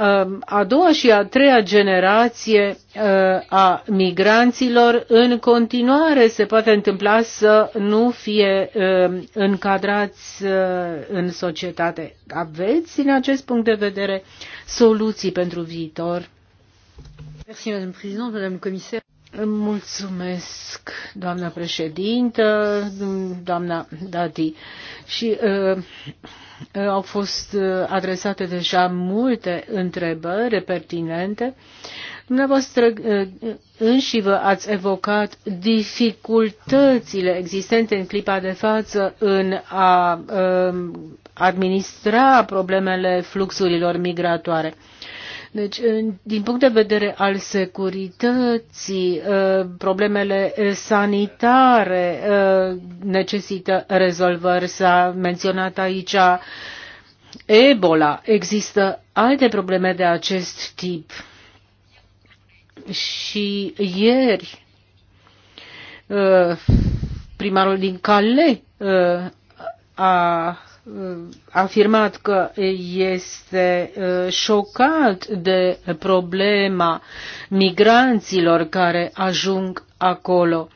Um, a doua și a treia generație uh, a migranților în continuare se poate întâmpla să nu fie um, încadrați uh, în societate. Aveți, din acest punct de vedere, soluții pentru viitor? Mulțumesc, doamna președintă, doamna Dati. Și uh, Eh, au fost eh, adresate deja multe întrebări pertinente. Dumneavoastră eh, înși vă ați evocat dificultățile existente în clipa de față în a administra problemele fluxurilor migratoare. Deci, din punct de vedere al securității, ă, problemele sanitare ă, necesită rezolvări. S-a menționat aici Ebola. Există alte probleme de acest tip. Și ieri ă, primarul din Calais a afirmat că este șocat de problema migranților care ajung acolo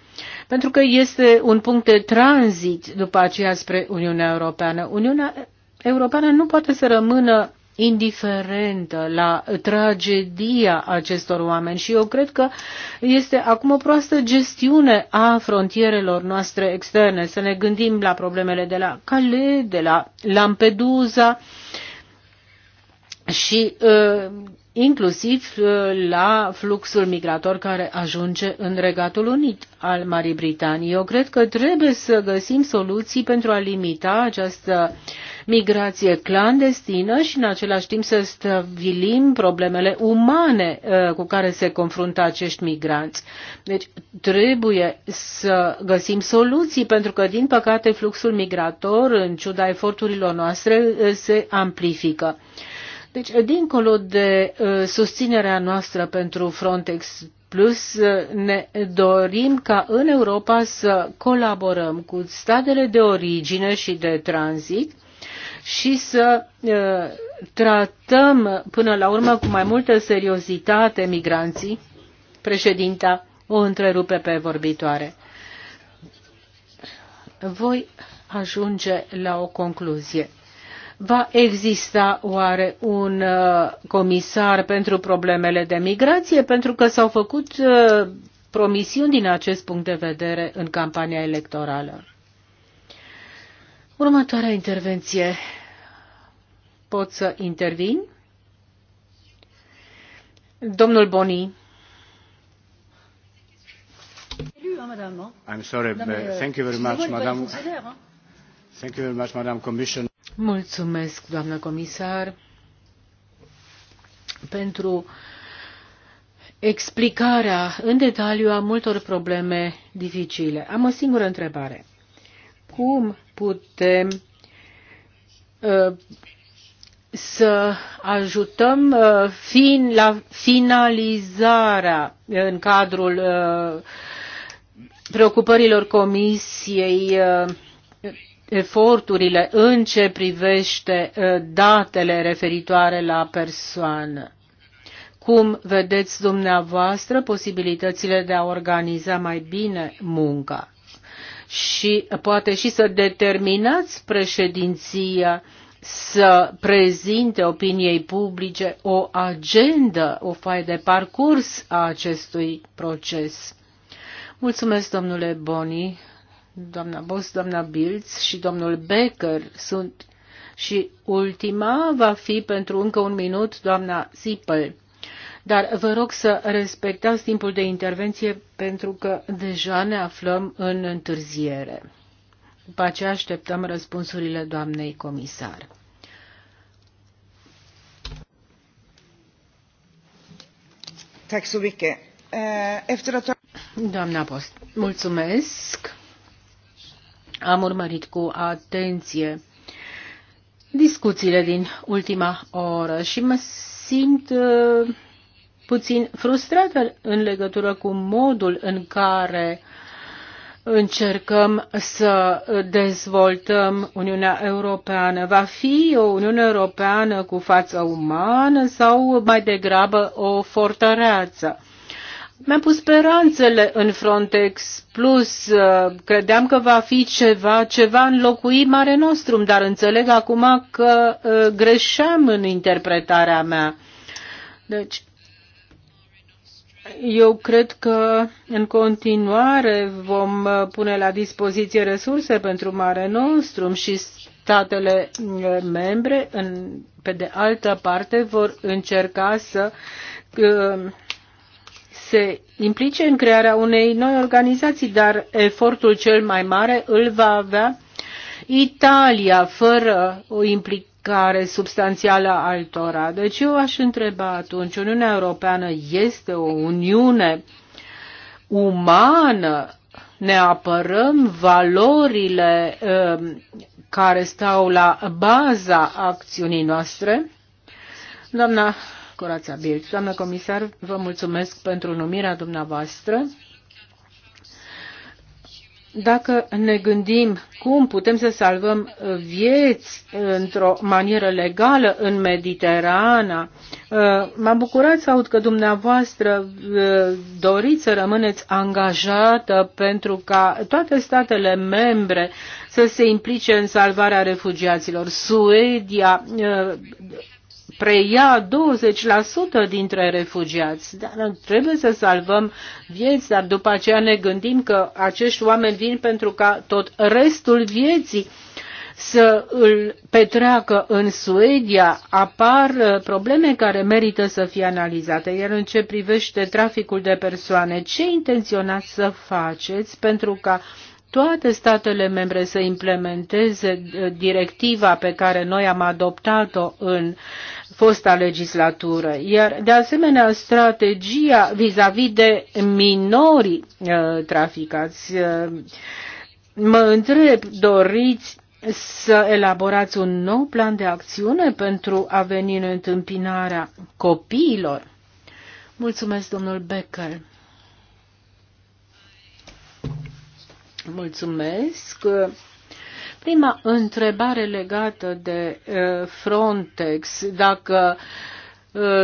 pentru că este un punct de tranzit după aceea spre Uniunea Europeană. Uniunea Europeană nu poate să rămână indiferentă la tragedia acestor oameni și eu cred că este acum o proastă gestiune a frontierelor noastre externe. Să ne gândim la problemele de la Calais, de la Lampedusa și uh, inclusiv uh, la fluxul migrator care ajunge în Regatul Unit al Marii Britanii. Eu cred că trebuie să găsim soluții pentru a limita această uh, migrație clandestină și în același timp să stabilim problemele umane uh, cu care se confruntă acești migranți. Deci trebuie să găsim soluții pentru că, din păcate, fluxul migrator, în ciuda eforturilor noastre, uh, se amplifică. Deci, dincolo de uh, susținerea noastră pentru Frontex Plus, ne dorim ca în Europa să colaborăm cu statele de origine și de tranzit și să tratăm până la urmă cu mai multă seriozitate migranții. Președinta o întrerupe pe vorbitoare. Voi ajunge la o concluzie. Va exista oare un comisar pentru problemele de migrație? Pentru că s-au făcut promisiuni din acest punct de vedere în campania electorală. Următoarea intervenție. Pot să intervin? Domnul Boni. I'm sorry, but euh, thank you very much, madam. Thank you very much, madam commissioner. Mulțumesc, doamnă comisar, pentru explicarea în detaliu a multor probleme dificile. Am o singură întrebare. Cum putem uh, să ajutăm uh, fiind la finalizarea în cadrul uh, preocupărilor comisiei eforturile în ce privește datele referitoare la persoană. Cum vedeți dumneavoastră posibilitățile de a organiza mai bine munca? și poate și să determinați președinția să prezinte opiniei publice o agendă, o foaie de parcurs a acestui proces. Mulțumesc, domnule Boni, doamna Bos, doamna Bilț și domnul Becker sunt și ultima va fi pentru încă un minut doamna Zipel. Dar vă rog să respectați timpul de intervenție pentru că deja ne aflăm în întârziere. După aceea așteptăm răspunsurile doamnei comisar. Eh, Doamna Post, mulțumesc. Am urmărit cu atenție discuțiile din ultima oră și mă simt uh, puțin frustrată în legătură cu modul în care încercăm să dezvoltăm Uniunea Europeană. Va fi o Uniune Europeană cu față umană sau mai degrabă o fortăreață? Mi-am pus speranțele în Frontex Plus, credeam că va fi ceva, ceva înlocui Mare Nostrum, dar înțeleg acum că uh, greșeam în interpretarea mea. Deci, eu cred că în continuare vom uh, pune la dispoziție resurse pentru Mare Nostrum și statele uh, membre, în, pe de altă parte, vor încerca să uh, se implice în crearea unei noi organizații, dar efortul cel mai mare îl va avea Italia fără o implicare care substanțială altora. Deci eu aș întreba atunci, Uniunea Europeană este o Uniune umană? Ne apărăm valorile uh, care stau la baza acțiunii noastre? Doamna Corața Birci, doamna comisar, vă mulțumesc pentru numirea dumneavoastră. Dacă ne gândim cum putem să salvăm uh, vieți uh, într-o manieră legală în Mediterana, uh, m-am bucurat să aud că dumneavoastră doriți să rămâneți angajată pentru ca toate statele membre să se implice în salvarea refugiaților. Suedia preia 20% dintre refugiați. Dar trebuie să salvăm vieți, dar după aceea ne gândim că acești oameni vin pentru ca tot restul vieții să îl petreacă în Suedia, apar uh, probleme care merită să fie analizate. Iar în ce privește traficul de persoane, ce intenționați să faceți pentru ca toate statele membre să implementeze uh, directiva pe care noi am adoptat-o în fosta legislatură. Iar, de asemenea, strategia vis-a-vis -vis de minorii uh, traficați. Uh, mă întreb, doriți să elaborați un nou plan de acțiune pentru a veni în întâmpinarea copiilor? Mulțumesc, domnul Becker. Mulțumesc. Prima întrebare legată de Frontex, dacă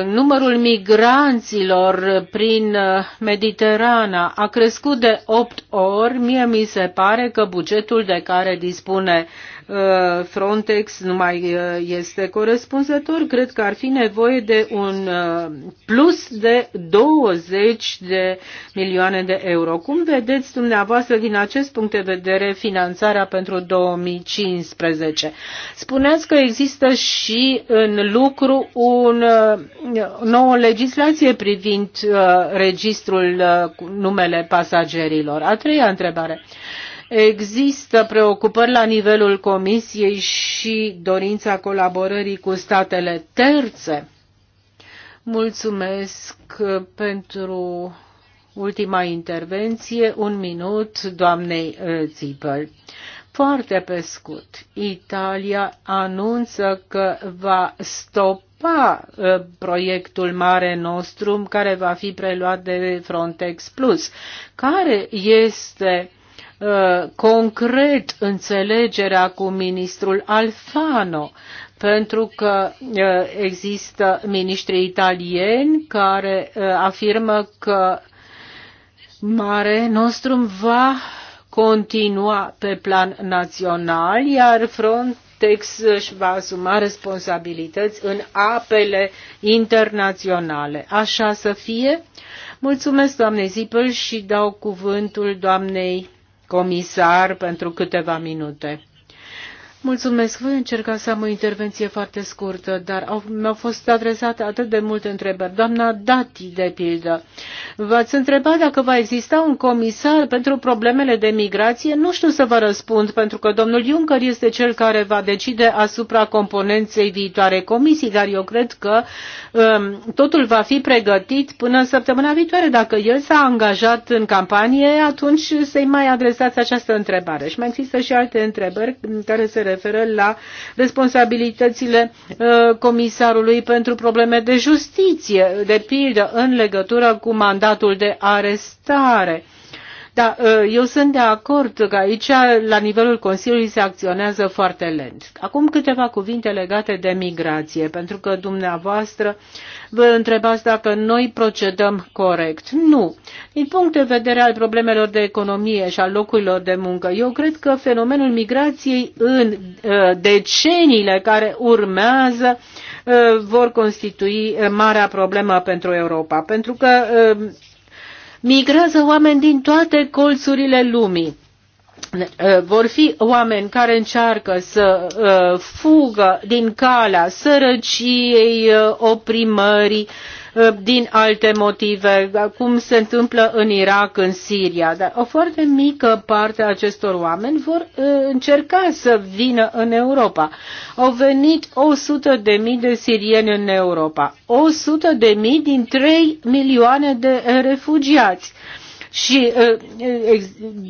numărul migranților prin Mediterana a crescut de 8 ori, mie mi se pare că bugetul de care dispune Uh, Frontex nu mai uh, este corespunzător, cred că ar fi nevoie de un uh, plus de 20 de milioane de euro. Cum vedeți dumneavoastră din acest punct de vedere finanțarea pentru 2015? Spuneați că există și în lucru un nouă legislație privind registrul numele pasagerilor. A treia întrebare. Există preocupări la nivelul Comisiei și dorința colaborării cu statele terțe. Mulțumesc pentru ultima intervenție. Un minut, doamnei Țipăl. Uh, Foarte pe scurt, Italia anunță că va stopa uh, proiectul mare nostru care va fi preluat de Frontex Plus. Care este Uh, concret înțelegerea cu ministrul Alfano, pentru că uh, există miniștri italieni care uh, afirmă că Mare Nostrum va continua pe plan național, iar Frontex își va asuma responsabilități în apele internaționale. Așa să fie. Mulțumesc, doamne Zipel, și dau cuvântul doamnei comisar pentru câteva minute. Mulțumesc. Voi încerca să am o intervenție foarte scurtă, dar au, mi-au fost adresate atât de multe întrebări. Doamna Dati, de pildă, v-ați întrebat dacă va exista un comisar pentru problemele de migrație? Nu știu să vă răspund, pentru că domnul Juncker este cel care va decide asupra componenței viitoare comisii, dar eu cred că um, totul va fi pregătit până săptămâna viitoare. Dacă el s-a angajat în campanie, atunci să-i mai adresați această întrebare. Și mai există și alte întrebări care se referă la responsabilitățile uh, comisarului pentru probleme de justiție, de pildă în legătură cu mandatul de arestare. Da, ă, eu sunt de acord că aici, la nivelul Consiliului, se acționează foarte lent. Acum câteva cuvinte legate de migrație, pentru că dumneavoastră vă întrebați dacă noi procedăm corect. Nu. Din punct de vedere al problemelor de economie și al locurilor de muncă, eu cred că fenomenul migrației în ă, deceniile care urmează ă, vor constitui marea problemă pentru Europa, pentru că Migrează oameni din toate colțurile lumii. Uh, vor fi oameni care încearcă să uh, fugă din calea sărăciei, uh, oprimării, Uh, din alte motive, cum se întâmplă în Irak, în Siria. Dar o foarte mică parte a acestor oameni vor uh, încerca să vină în Europa. Au venit 100 de mii de sirieni în Europa, 100 de mii din 3 milioane de uh, refugiați și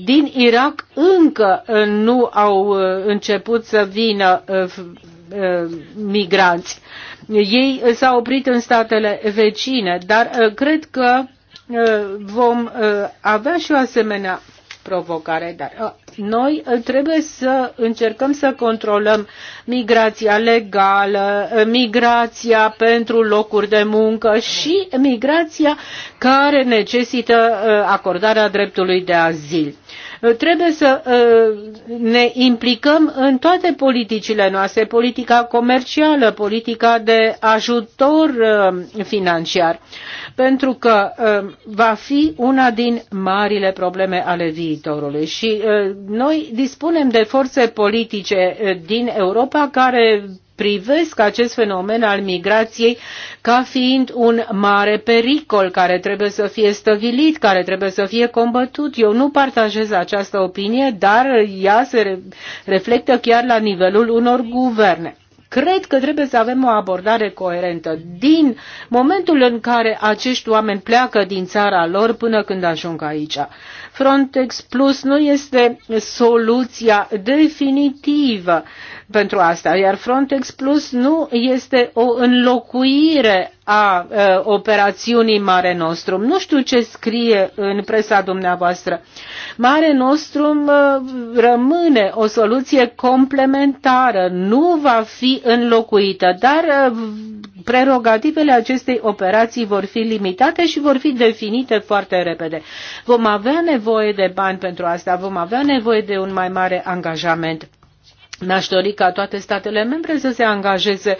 din Irak încă nu au început să vină migranți. Ei s-au oprit în statele vecine, dar uh, cred că uh, vom uh, avea și o asemenea provocare, dar noi eh, trebuie să încercăm să controlăm migrația legală, eh, migrația pentru locuri de muncă și migrația care necesită eh, acordarea dreptului de azil trebuie să ne implicăm în toate politicile noastre, politica comercială, politica de ajutor financiar, pentru că va fi una din marile probleme ale viitorului și noi dispunem de forțe politice eh, din Europa care privesc acest fenomen al migrației ca fiind un mare pericol care trebuie să fie stăvilit, care trebuie să fie combătut. Eu nu partajez această opinie, dar ea se reflectă chiar la nivelul unor guverne. Cred că trebuie să avem o abordare coerentă din momentul în care acești oameni pleacă din țara lor până când ajung aici. Frontex Plus nu este soluția definitivă pentru asta, iar Frontex Plus nu este o înlocuire a uh, operațiunii Mare Nostrum. Nu știu ce scrie în presa dumneavoastră. Mare Nostrum uh, rămâne o soluție complementară, nu va fi înlocuită, dar uh, prerogativele acestei operații vor fi limitate și vor fi definite foarte repede. Vom avea nevoie de bani pentru asta, vom avea nevoie de un mai mare angajament mi-aș dori ca toate statele membre să se angajeze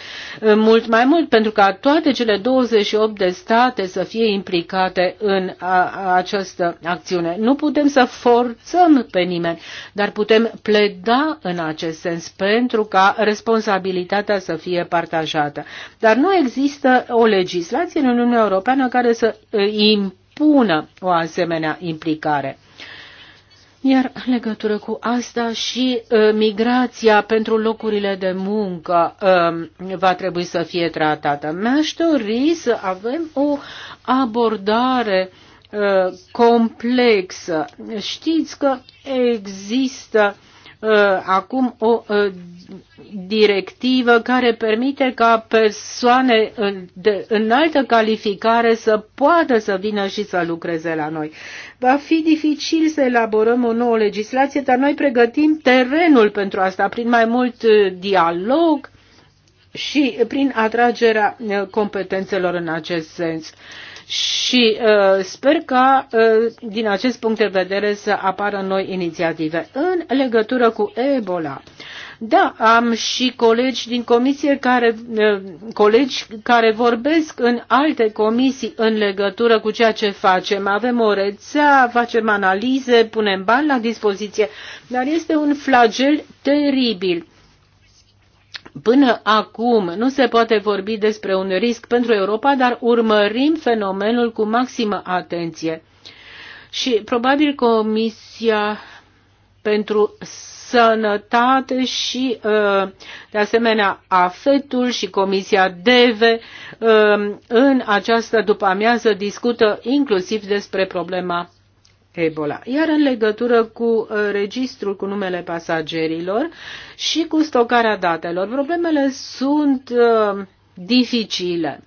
uh, mult mai mult, pentru ca toate cele 28 de state să fie implicate în a, această acțiune. Nu putem să forțăm pe nimeni, dar putem pleda în acest sens pentru ca responsabilitatea să fie partajată. Dar nu există o legislație în Uniunea Europeană care să uh, impună o asemenea implicare. Iar în legătură cu asta și uh, migrația pentru locurile de muncă uh, va trebui să fie tratată. Mi-aș dori să avem o abordare uh, complexă. Știți că există acum o directivă care permite ca persoane de înaltă calificare să poată să vină și să lucreze la noi. Va fi dificil să elaborăm o nouă legislație, dar noi pregătim terenul pentru asta prin mai mult eh, dialog, și prin atragerea uh, competențelor în acest sens. Și uh, sper ca, uh, din acest punct de vedere, să apară noi inițiative. În legătură cu Ebola, da, am și colegi din comisie care, uh, colegi care vorbesc în alte comisii în legătură cu ceea ce facem. Avem o rețea, facem analize, punem bani la dispoziție, dar este un flagel teribil Până acum nu se poate vorbi despre un risc pentru Europa, dar urmărim fenomenul cu maximă atenție. Și probabil Comisia pentru Sănătate și, uh, de asemenea, AFET-ul și Comisia DEVE uh, în această după-amiază discută inclusiv despre problema Ebola. Iar în legătură cu uh, registrul cu numele pasagerilor și cu stocarea datelor, problemele sunt uh, dificile.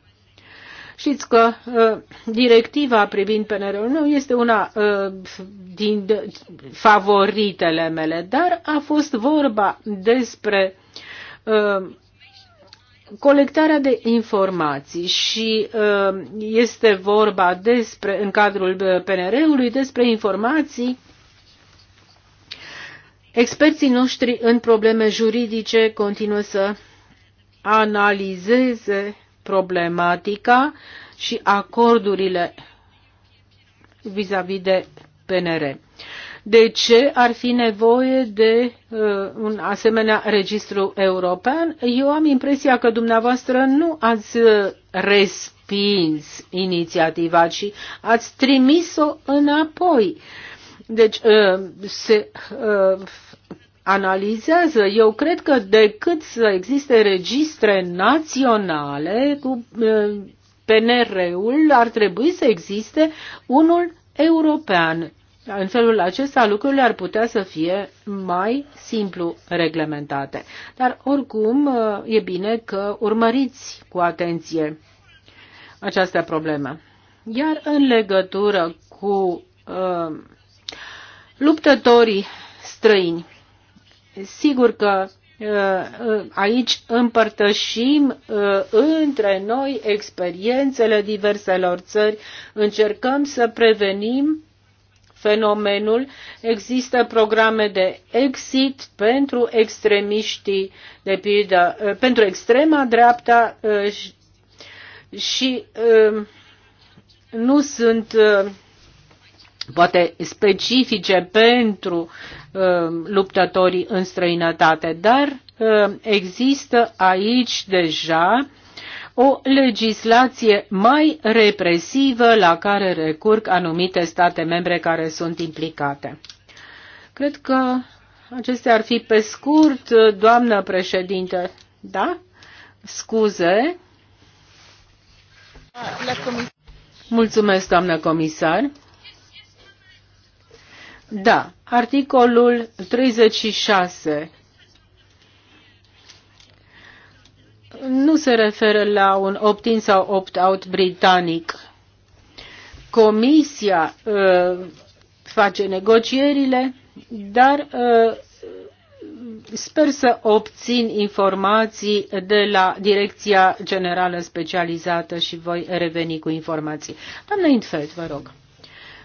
Știți că uh, directiva privind PNR-ul nu este una uh, din favoritele mele, dar a fost vorba despre uh, colectarea de informații și uh, este vorba despre, în cadrul uh, PNR-ului despre informații Experții noștri în probleme juridice continuă să analizeze problematica și acordurile vis-a-vis -vis de PNR de ce ar fi nevoie de uh, un asemenea registru european? Eu am impresia că dumneavoastră nu ați uh, respins inițiativa, ci ați trimis-o înapoi. Deci uh, se uh, analizează. Eu cred că decât să existe registre naționale cu uh, PNR-ul, ar trebui să existe unul european. În felul acesta lucrurile ar putea să fie mai simplu reglementate. Dar oricum e bine că urmăriți cu atenție această problemă. Iar în legătură cu uh, luptătorii străini, sigur că uh, aici împărtășim uh, între noi experiențele diverselor țări, încercăm să prevenim fenomenul. Există programe de exit pentru extremiștii, de pildă, eh, pentru extrema dreapta eh, și eh, nu sunt poate specifice pentru luptătorii în străinătate, dar există aici deja uh, o legislație mai represivă la care recurg anumite state membre care sunt implicate. Cred că acestea ar fi pe scurt, doamnă președinte. Da? Scuze. Mulțumesc, doamnă comisar. Da, articolul 36 nu se referă la un opt-in sau opt-out britanic. Comisia uh, face negocierile, dar uh, sper să obțin informații de la Direcția Generală Specializată și voi reveni cu informații. Doamna Intfeld, vă rog.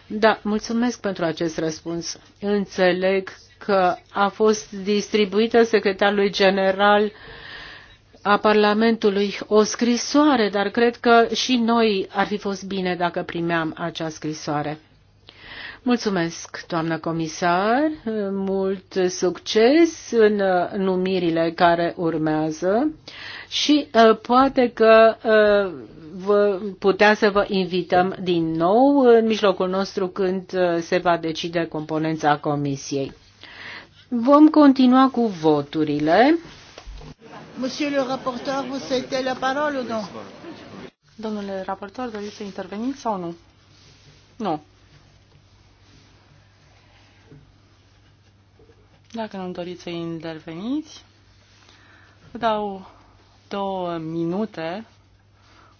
Da, mulțumesc pentru acest răspuns. Înțeleg că a fost distribuită secretarului general uh, a Parlamentului o scrisoare, dar cred că și noi ar fi fost bine dacă primeam acea scrisoare. Mulțumesc, doamnă comisar, mult succes în numirile care urmează și uh, poate că uh, vă putea să vă invităm din nou în mijlocul nostru când uh, se va decide componența comisiei. Vom continua cu voturile. Monsieur le rapporteur, vous souhaitez la parole ou non? Domnule raportor, doriți să interveniți sau nu? Nu. Dacă nu doriți să interveniți, vă dau două minute,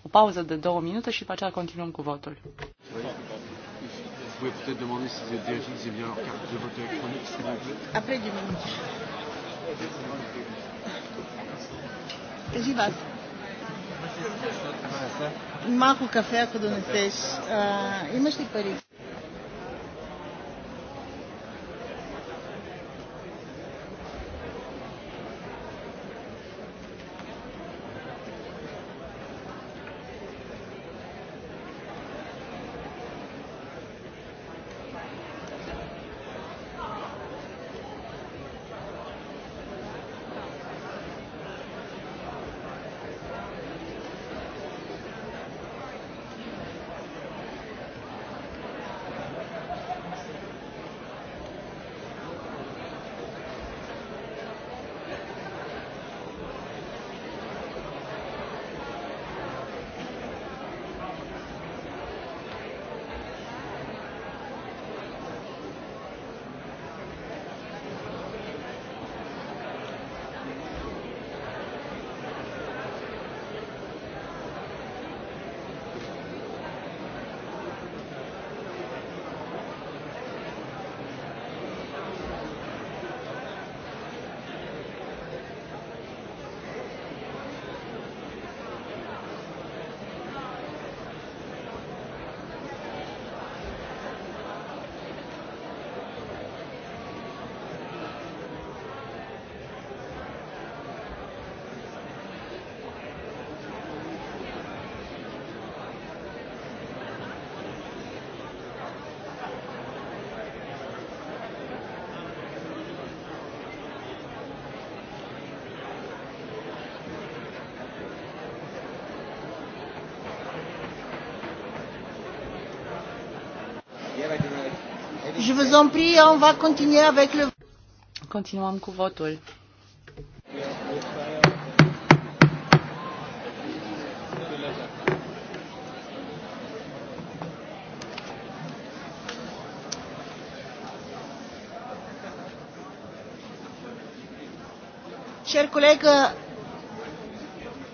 o pauză de două minute și după aceea continuăm cu votul. Vous pouvez peut-être demander si les DG bien leur carte de vote électronique, s'il vous plaît. Après 10 minutes. Zi vas. Малко кафе, ако донесеш. А, имаш ли пари? Je vous en prie, on va continuer avec le... Continuăm cu votul. Cher coleg,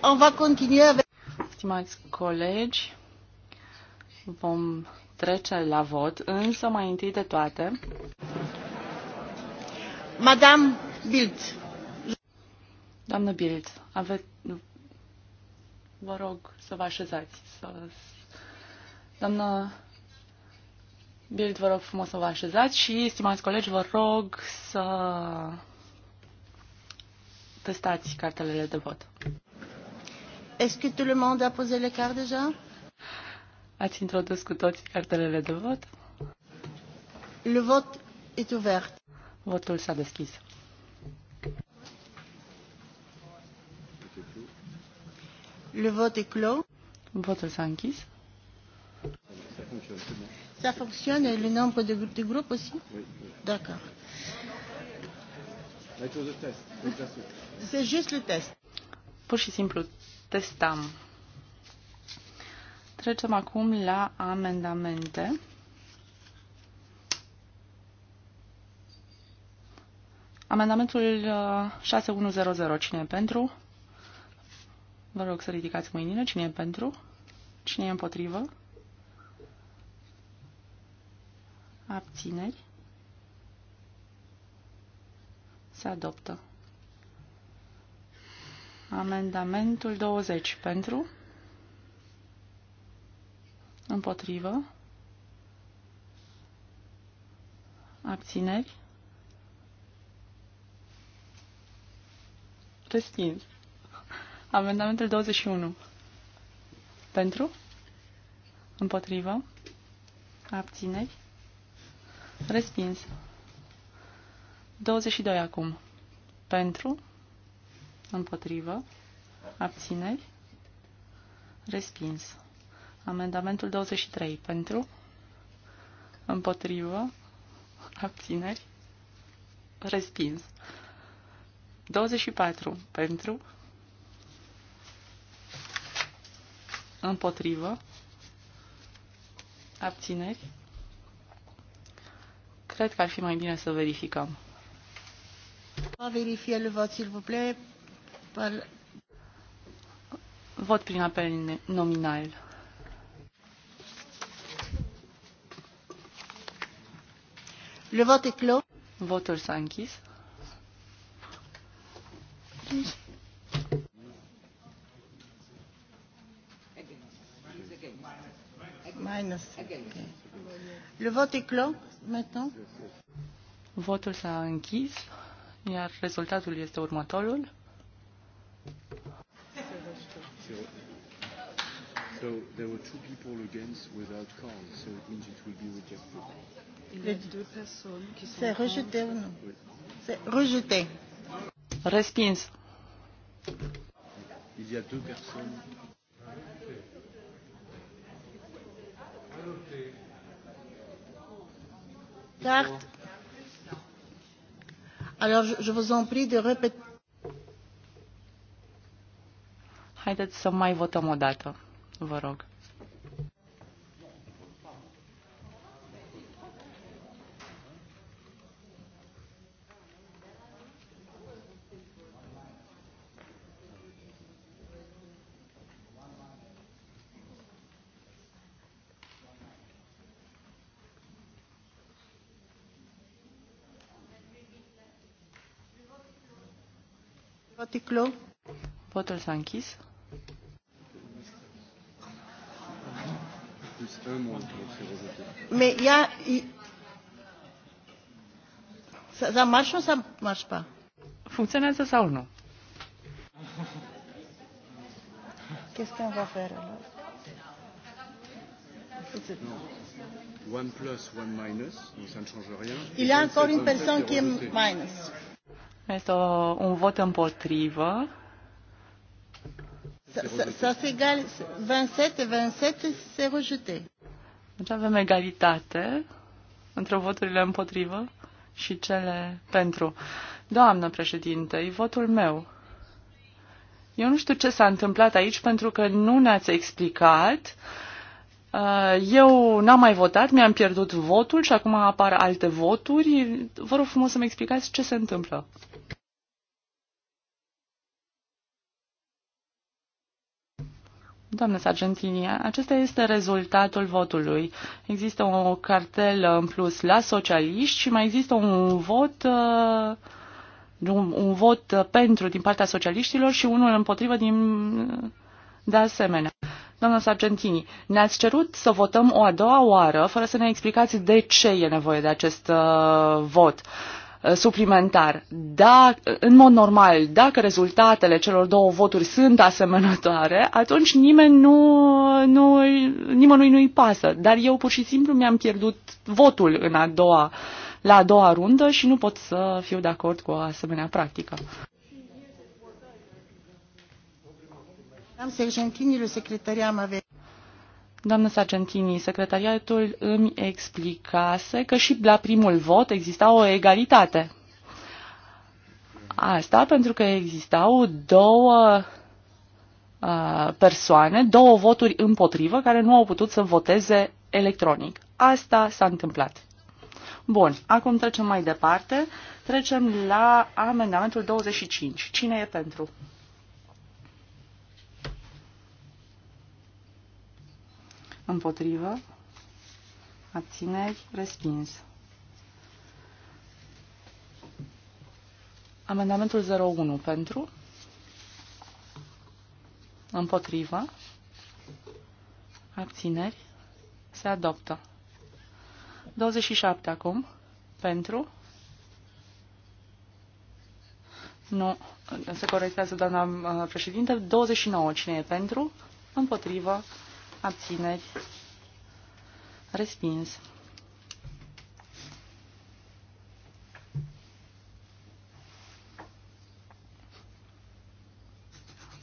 on va continue avec... Stimați colegi, vom trece la vot, însă mai întâi de toate... Madame Bild. Doamnă Bild, aveți... Vă rog să vă așezați. Să... Doamnă Bild, vă rog frumos să vă așezați și, stimați colegi, vă rog să testați cartelele de vot. Est-ce que tout le monde a posé les cartes déjà? Ați introdus cu toți cartelele de vot? Le vot est ouvert. Votul s-a deschis. Le vote est clos. Votul s-a închis. Ça fonctionne et le nombre de, de groupes aussi Oui. oui. D'accord. C'est juste le test. Pur și simplu testam. Trecem acum la amendamente. Amendamentul 6100. Uh, Cine e pentru? Vă rog să ridicați mâinile. Cine e pentru? Cine e împotrivă? Abțineri. Se adoptă. Amendamentul 20 pentru, Împotrivă. Abțineri. Respins. Amendamentul 21. Pentru? Împotrivă? Abțineri? Respins. 22 acum. Pentru? Împotrivă? Abțineri? Respins. Amendamentul 23 pentru, împotrivă, abțineri, respins. 24 pentru, împotrivă, abțineri. Cred că ar fi mai bine să verificăm. Verifiez le vot, s'il vous plaît. Vot prin apel nominal. Le vote est clos. Votul s-a închis. Minus. Le vote est clos maintenant. Votul s-a închis, iar rezultatul este următorul. So there were two people against without cards, so it means it will be rejected. C'est rejeté ou non C'est rejeté. Respins. Il y a deux personnes. Carte. Alors, je, je vous en prie de répéter. Haideți să mai votăm o dată, vă rog. Ticlo. Votul s-a închis. Mais il y a... Ça, ça marche ou ça marche pas Funcționează sau nu? Qu'est-ce qu'on va faire alors One plus, one minus, donc ça ne change rien. Il y a encore une personne qui est minus. Este o, un vot împotrivă. Să fie egal 27 27 c'est rejeté. Deci avem egalitate între voturile împotrivă și cele pentru. Doamnă președinte, e votul meu. Eu nu știu ce s-a întâmplat aici pentru că nu ne-ați explicat. Uh, eu n-am mai votat, mi-am pierdut votul și acum apar alte voturi. Vă rog frumos să-mi explicați ce se întâmplă. Doamne Sargentini, acesta este rezultatul votului. Există o cartelă în plus la socialiști și mai există un vot, uh, un, vot pentru din partea socialiștilor și unul împotrivă din, de asemenea. Doamna Sargentini, ne-ați cerut să votăm o a doua oară fără să ne explicați de ce e nevoie de acest uh, vot. Uh, Uh, suplimentar. Da, în mod normal, dacă rezultatele celor două voturi sunt asemănătoare, atunci nimeni nu, nu, nimănui nu-i pasă. Dar eu pur și simplu mi-am pierdut votul în a doua, la a doua rundă și nu pot să fiu de acord cu o asemenea practică. Am să-i am secretariat Doamnă Sargentini, secretariatul îmi explicase că și la primul vot exista o egalitate. Asta pentru că existau două uh, persoane, două voturi împotrivă, care nu au putut să voteze electronic. Asta s-a întâmplat. Bun, acum trecem mai departe. Trecem la amendamentul 25. Cine e pentru? Împotrivă. Abțineri. Respins. Amendamentul 01 pentru. Împotrivă. Abțineri. Se adoptă. 27 acum. Pentru. Nu. Se corectează doamna uh, președinte. 29. Cine e pentru? Împotrivă abțineri, respins.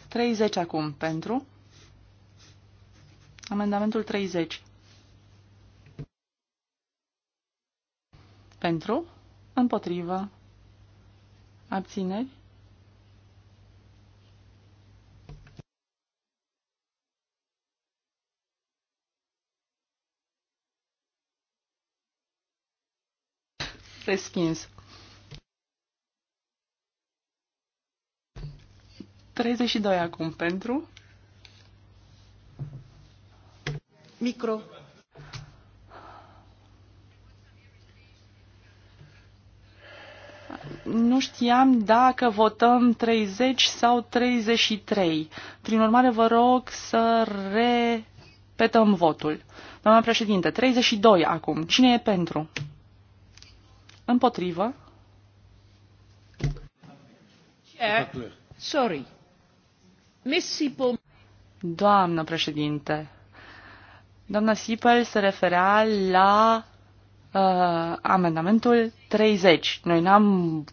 Treizeci acum pentru amendamentul 30. Pentru, împotrivă, abțineri, respins. 32 acum pentru. Micro. Nu știam dacă votăm 30 sau 33. Prin urmare, vă rog să repetăm votul. Doamna președinte, 32 acum. Cine e pentru? Împotrivă. Doamnă președinte, doamna Sipel se referea la uh, amendamentul 30. Noi n-am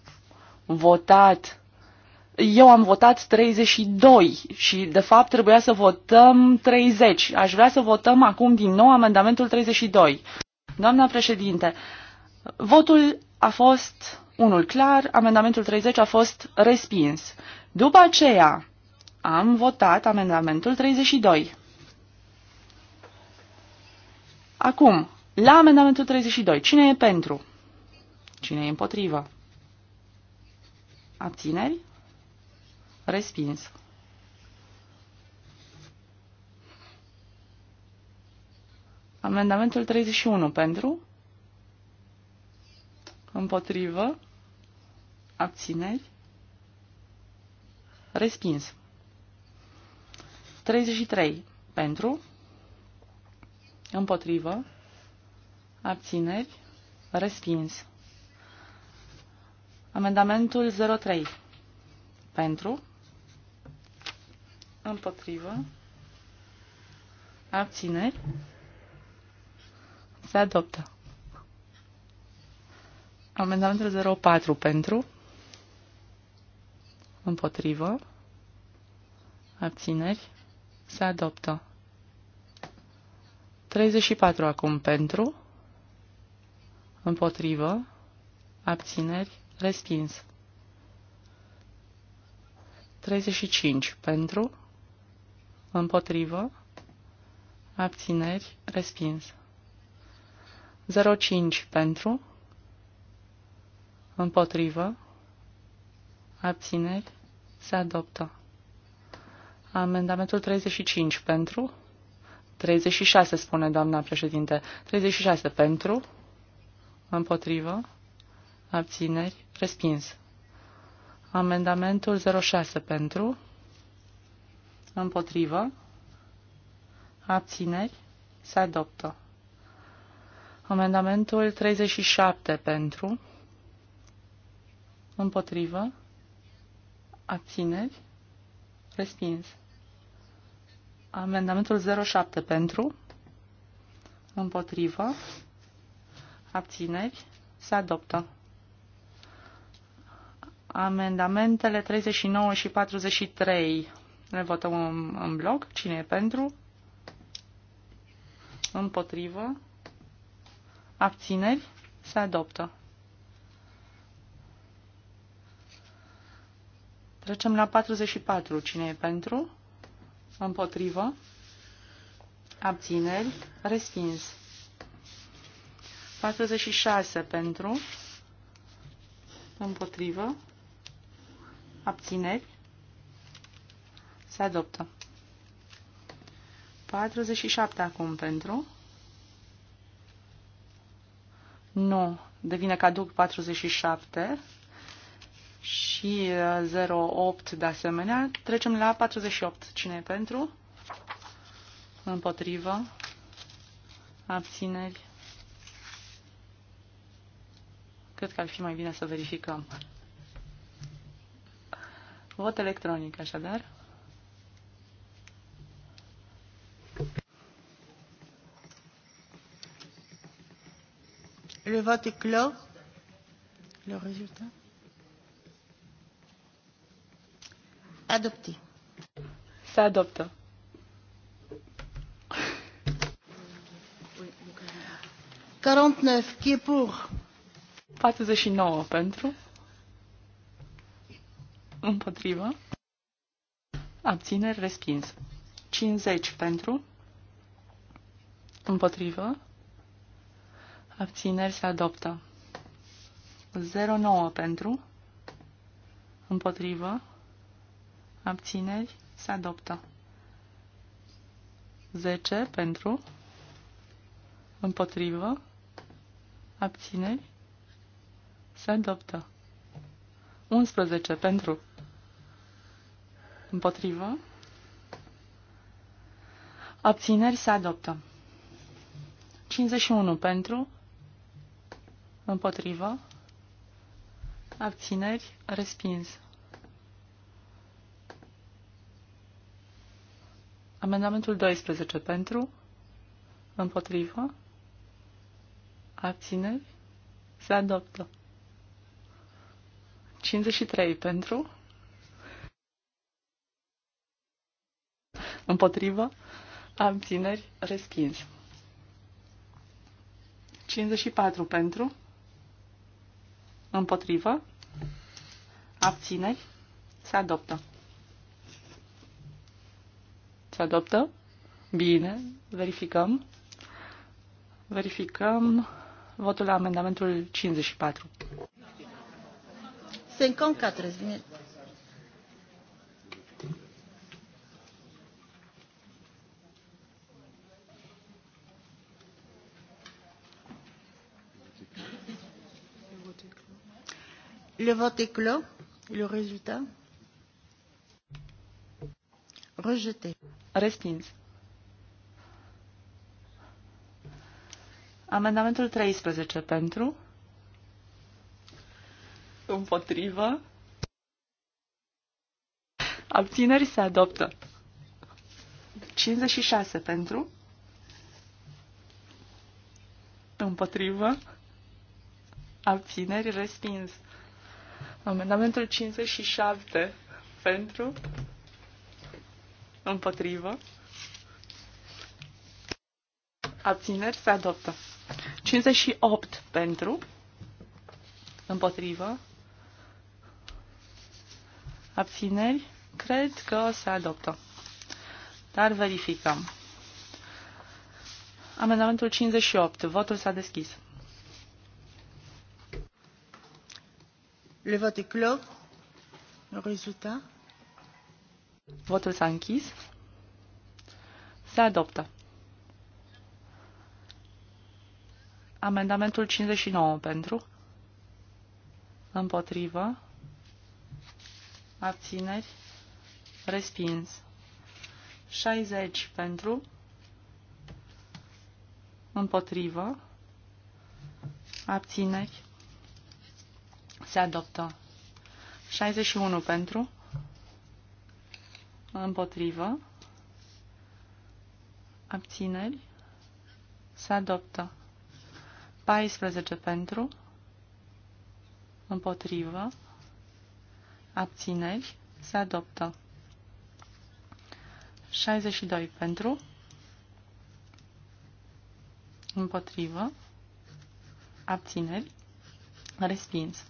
votat eu am votat 32 și, de fapt, trebuia să votăm 30. Aș vrea să votăm acum din nou amendamentul 32. Doamna președinte, Votul a fost unul clar, amendamentul 30 a fost respins. După aceea am votat amendamentul 32. Acum, la amendamentul 32, cine e pentru? Cine e împotrivă? Abțineri? Respins. Amendamentul 31 pentru? Împotrivă. Abțineri. Respins. 33. Pentru. Împotrivă. Abțineri. Respins. Amendamentul 03. Pentru. Împotrivă. Abțineri. Se adoptă. Amendamentul 04 pentru, împotrivă, abțineri, se adoptă. 34 acum pentru, împotrivă, abțineri, respins. 35 pentru, împotrivă, abțineri, respins. 05 pentru, Împotrivă. Abțineri. Se adoptă. Amendamentul 35 pentru. 36, spune doamna președinte. 36 pentru. Împotrivă. Abțineri. Respins. Amendamentul 06 pentru. Împotrivă. Abțineri. Se adoptă. Amendamentul 37 pentru împotrivă, abțineri, respins. Amendamentul 07 pentru, împotrivă, abțineri, se adoptă. Amendamentele 39 și 43 le votăm în, în bloc. Cine e pentru? Împotrivă. Abțineri. Se adoptă. Trecem la 44. Cine e pentru? Împotrivă. Abțineri. Respins. 46 pentru. Împotrivă. Abțineri. Se adoptă. 47 acum pentru. Nu. Devine caduc 47 și 08 uh, de asemenea. Trecem la 48. Cine e pentru? Împotrivă. Abțineri. Cred că ar fi mai bine să verificăm. Vot electronic, așadar. Le vote est clos. Le résultat. Adopté. Se adoptă. qui est pour? 49 pentru. Împotrivă. Abțineri respins. 50 pentru. Împotrivă. Abțineri se adoptă. 09 pentru. Împotrivă abțineri, se adoptă. 10 pentru, împotrivă, abțineri, se adoptă. 11 pentru, împotrivă, abțineri, se adoptă. 51 pentru, împotrivă, abțineri, respinsă. Amendamentul 12 pentru, împotrivă, abțineri, se adoptă. 53 pentru, împotrivă, abțineri, respins. 54 pentru, împotrivă, abțineri, se adoptă. Se adoptă? Bine, verificăm. Verificăm votul la amendamentul 54. 54, Le vote est clos. Le résultat Rejeté. Respins. Amendamentul 13 pentru. Împotrivă. Abțineri se adoptă. 56 pentru. Împotrivă. Abțineri respins. Amendamentul 57 pentru. Împotrivă. Abțineri se adoptă. 58 pentru. Împotrivă. Abțineri. Cred că se adoptă. Dar verificăm. Amendamentul 58. Votul s-a deschis. Le vote est clos. Le résultat Votul s-a închis. Se adoptă. Amendamentul 59 pentru. Împotrivă. Abțineri. Respins. 60 pentru. Împotrivă. Abțineri. Se adoptă. 61 pentru. Împotrivă. Abțineri. Se adoptă. 14 pentru. Împotrivă. Abțineri. Se adoptă. 62 pentru. Împotrivă. Abțineri. Respins.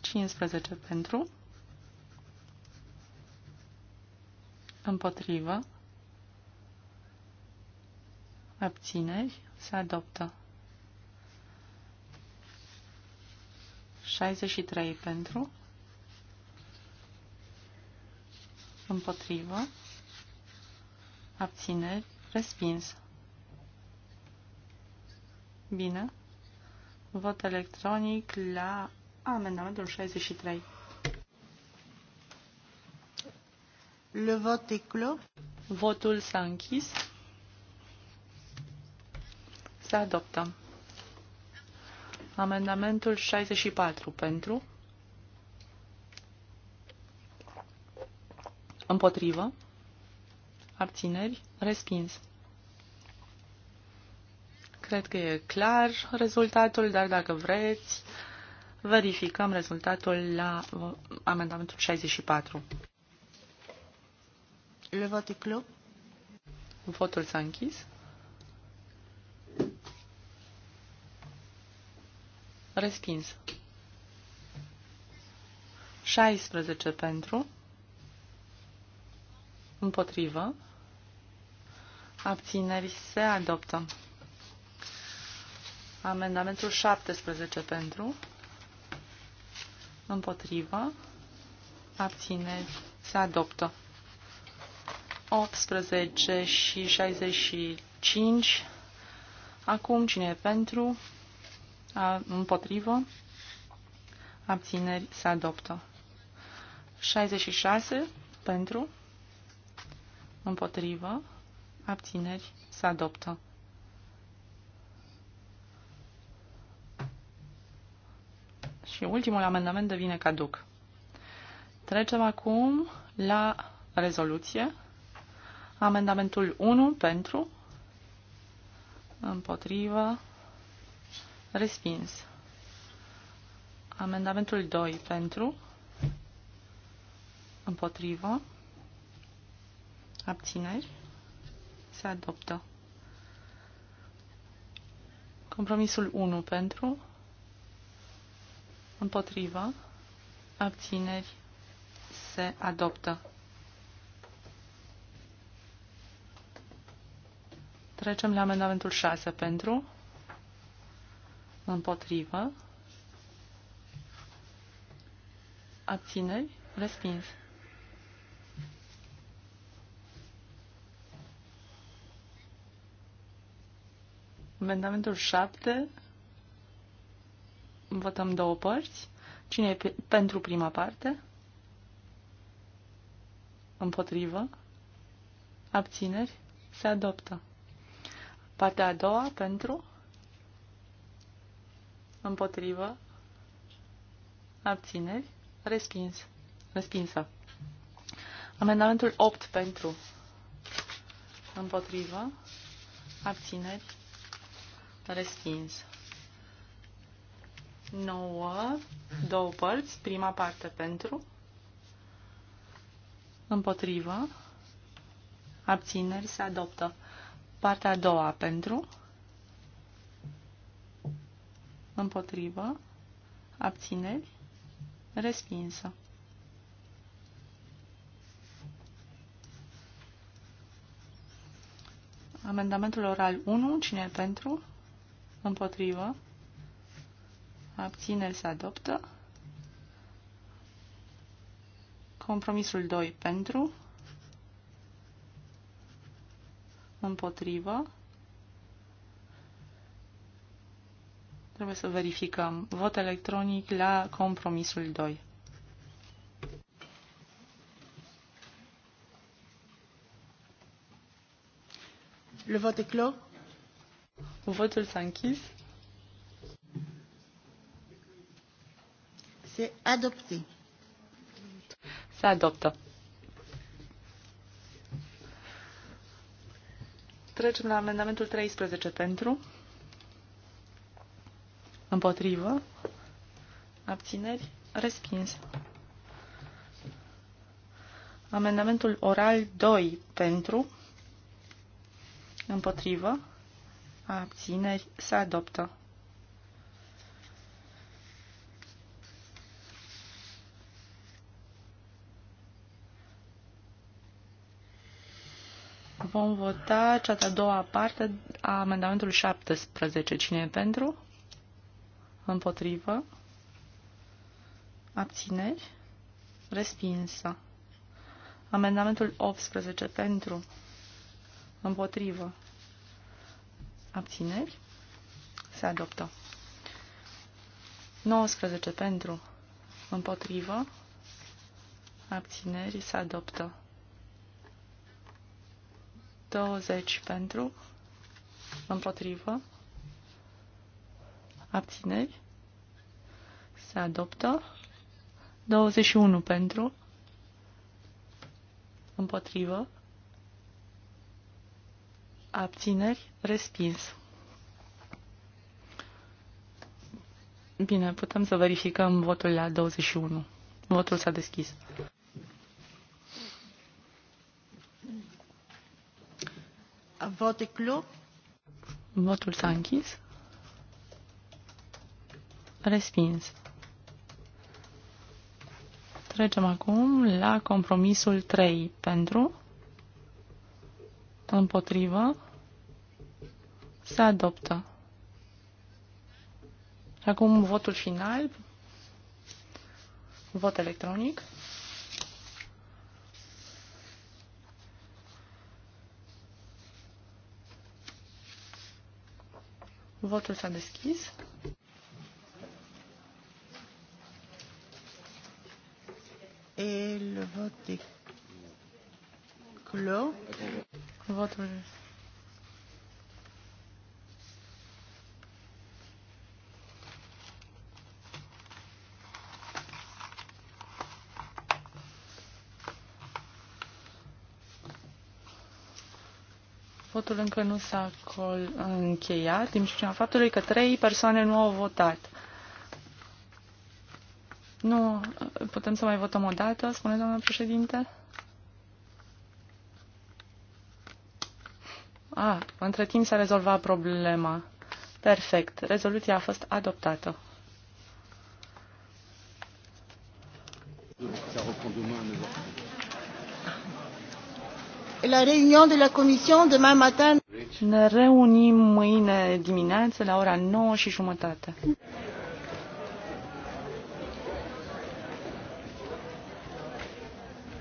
15 pentru. Împotrivă. Abțineri. Se adoptă. 63 pentru. Împotrivă. Abțineri. Respins. Bine. Vot electronic la amendamentul 63. Le vote est clos. Votul s-a închis. Se adoptă. Amendamentul 64 pentru. Împotrivă. Abțineri. Respins. Cred că e clar rezultatul, dar dacă vreți, verificăm rezultatul la amendamentul 64. Le vot est clos. Votul s-a închis. Respins. 16 pentru. Împotrivă. Abțineri se adoptă. Amendamentul 17 pentru. Împotrivă. Abțineri se adoptă. 18 și 65. Acum cine e pentru? A, împotrivă? Abțineri se adoptă. 66 pentru? Împotrivă? Abțineri se adoptă. Și ultimul amendament devine caduc. Trecem acum la rezoluție. Amendamentul 1 pentru, împotrivă, respins. Amendamentul 2 pentru, împotrivă, abțineri, se adoptă. Compromisul 1 pentru, împotrivă, abțineri, se adoptă. Trecem la amendamentul 6 pentru, împotrivă, abțineri, respins. Amendamentul 7, votăm două părți. Cine e pentru prima parte? Împotrivă? Abțineri? Se adoptă. Partea a doua pentru, împotrivă, abțineri, respins, respinsă. Amendamentul 8 pentru, împotrivă, abțineri, respins. 9, două părți, prima parte pentru, împotrivă, abțineri, se adoptă. Partea a doua pentru, împotrivă, abțineri, respinsă. Amendamentul oral 1, cine e pentru? Împotrivă. Abțineri se adoptă. Compromisul 2 pentru, împotrivă. Trebuie să verificăm. Vot electronic la compromisul 2. Le vot est clos. Votul s-a închis. C'est adopté. Se adoptă. Trecem la amendamentul 13 pentru. Împotrivă. Abțineri. Respins. Amendamentul oral 2 pentru. Împotrivă. Abțineri. Se adoptă. vom vota cea de-a doua parte a amendamentului 17. Cine e pentru? Împotrivă? Abțineri? Respinsă. Amendamentul 18 pentru? Împotrivă? Abțineri? Se adoptă. 19 pentru? Împotrivă? Abținerii Se adoptă. 20 pentru, împotrivă, abțineri, se adoptă, 21 pentru, împotrivă, abțineri, respins. Bine, putem să verificăm votul la 21. Votul s-a deschis. Vote clos. Votul s-a închis. Respins. Trecem acum la compromisul 3 pentru, împotrivă, se adoptă. Acum votul final, vot electronic. Votul s-a deschis. Et le vote est clos. Votre... Votul încă nu s-a încheiat din pricina faptului că trei persoane nu au votat. Nu, putem să mai votăm o dată, spune doamna președinte? A, ah, între timp s-a rezolvat problema. Perfect, rezoluția a fost adoptată. la reunion de la de demain matin. Ne reunim mâine dimineață la ora 9 și jumătate.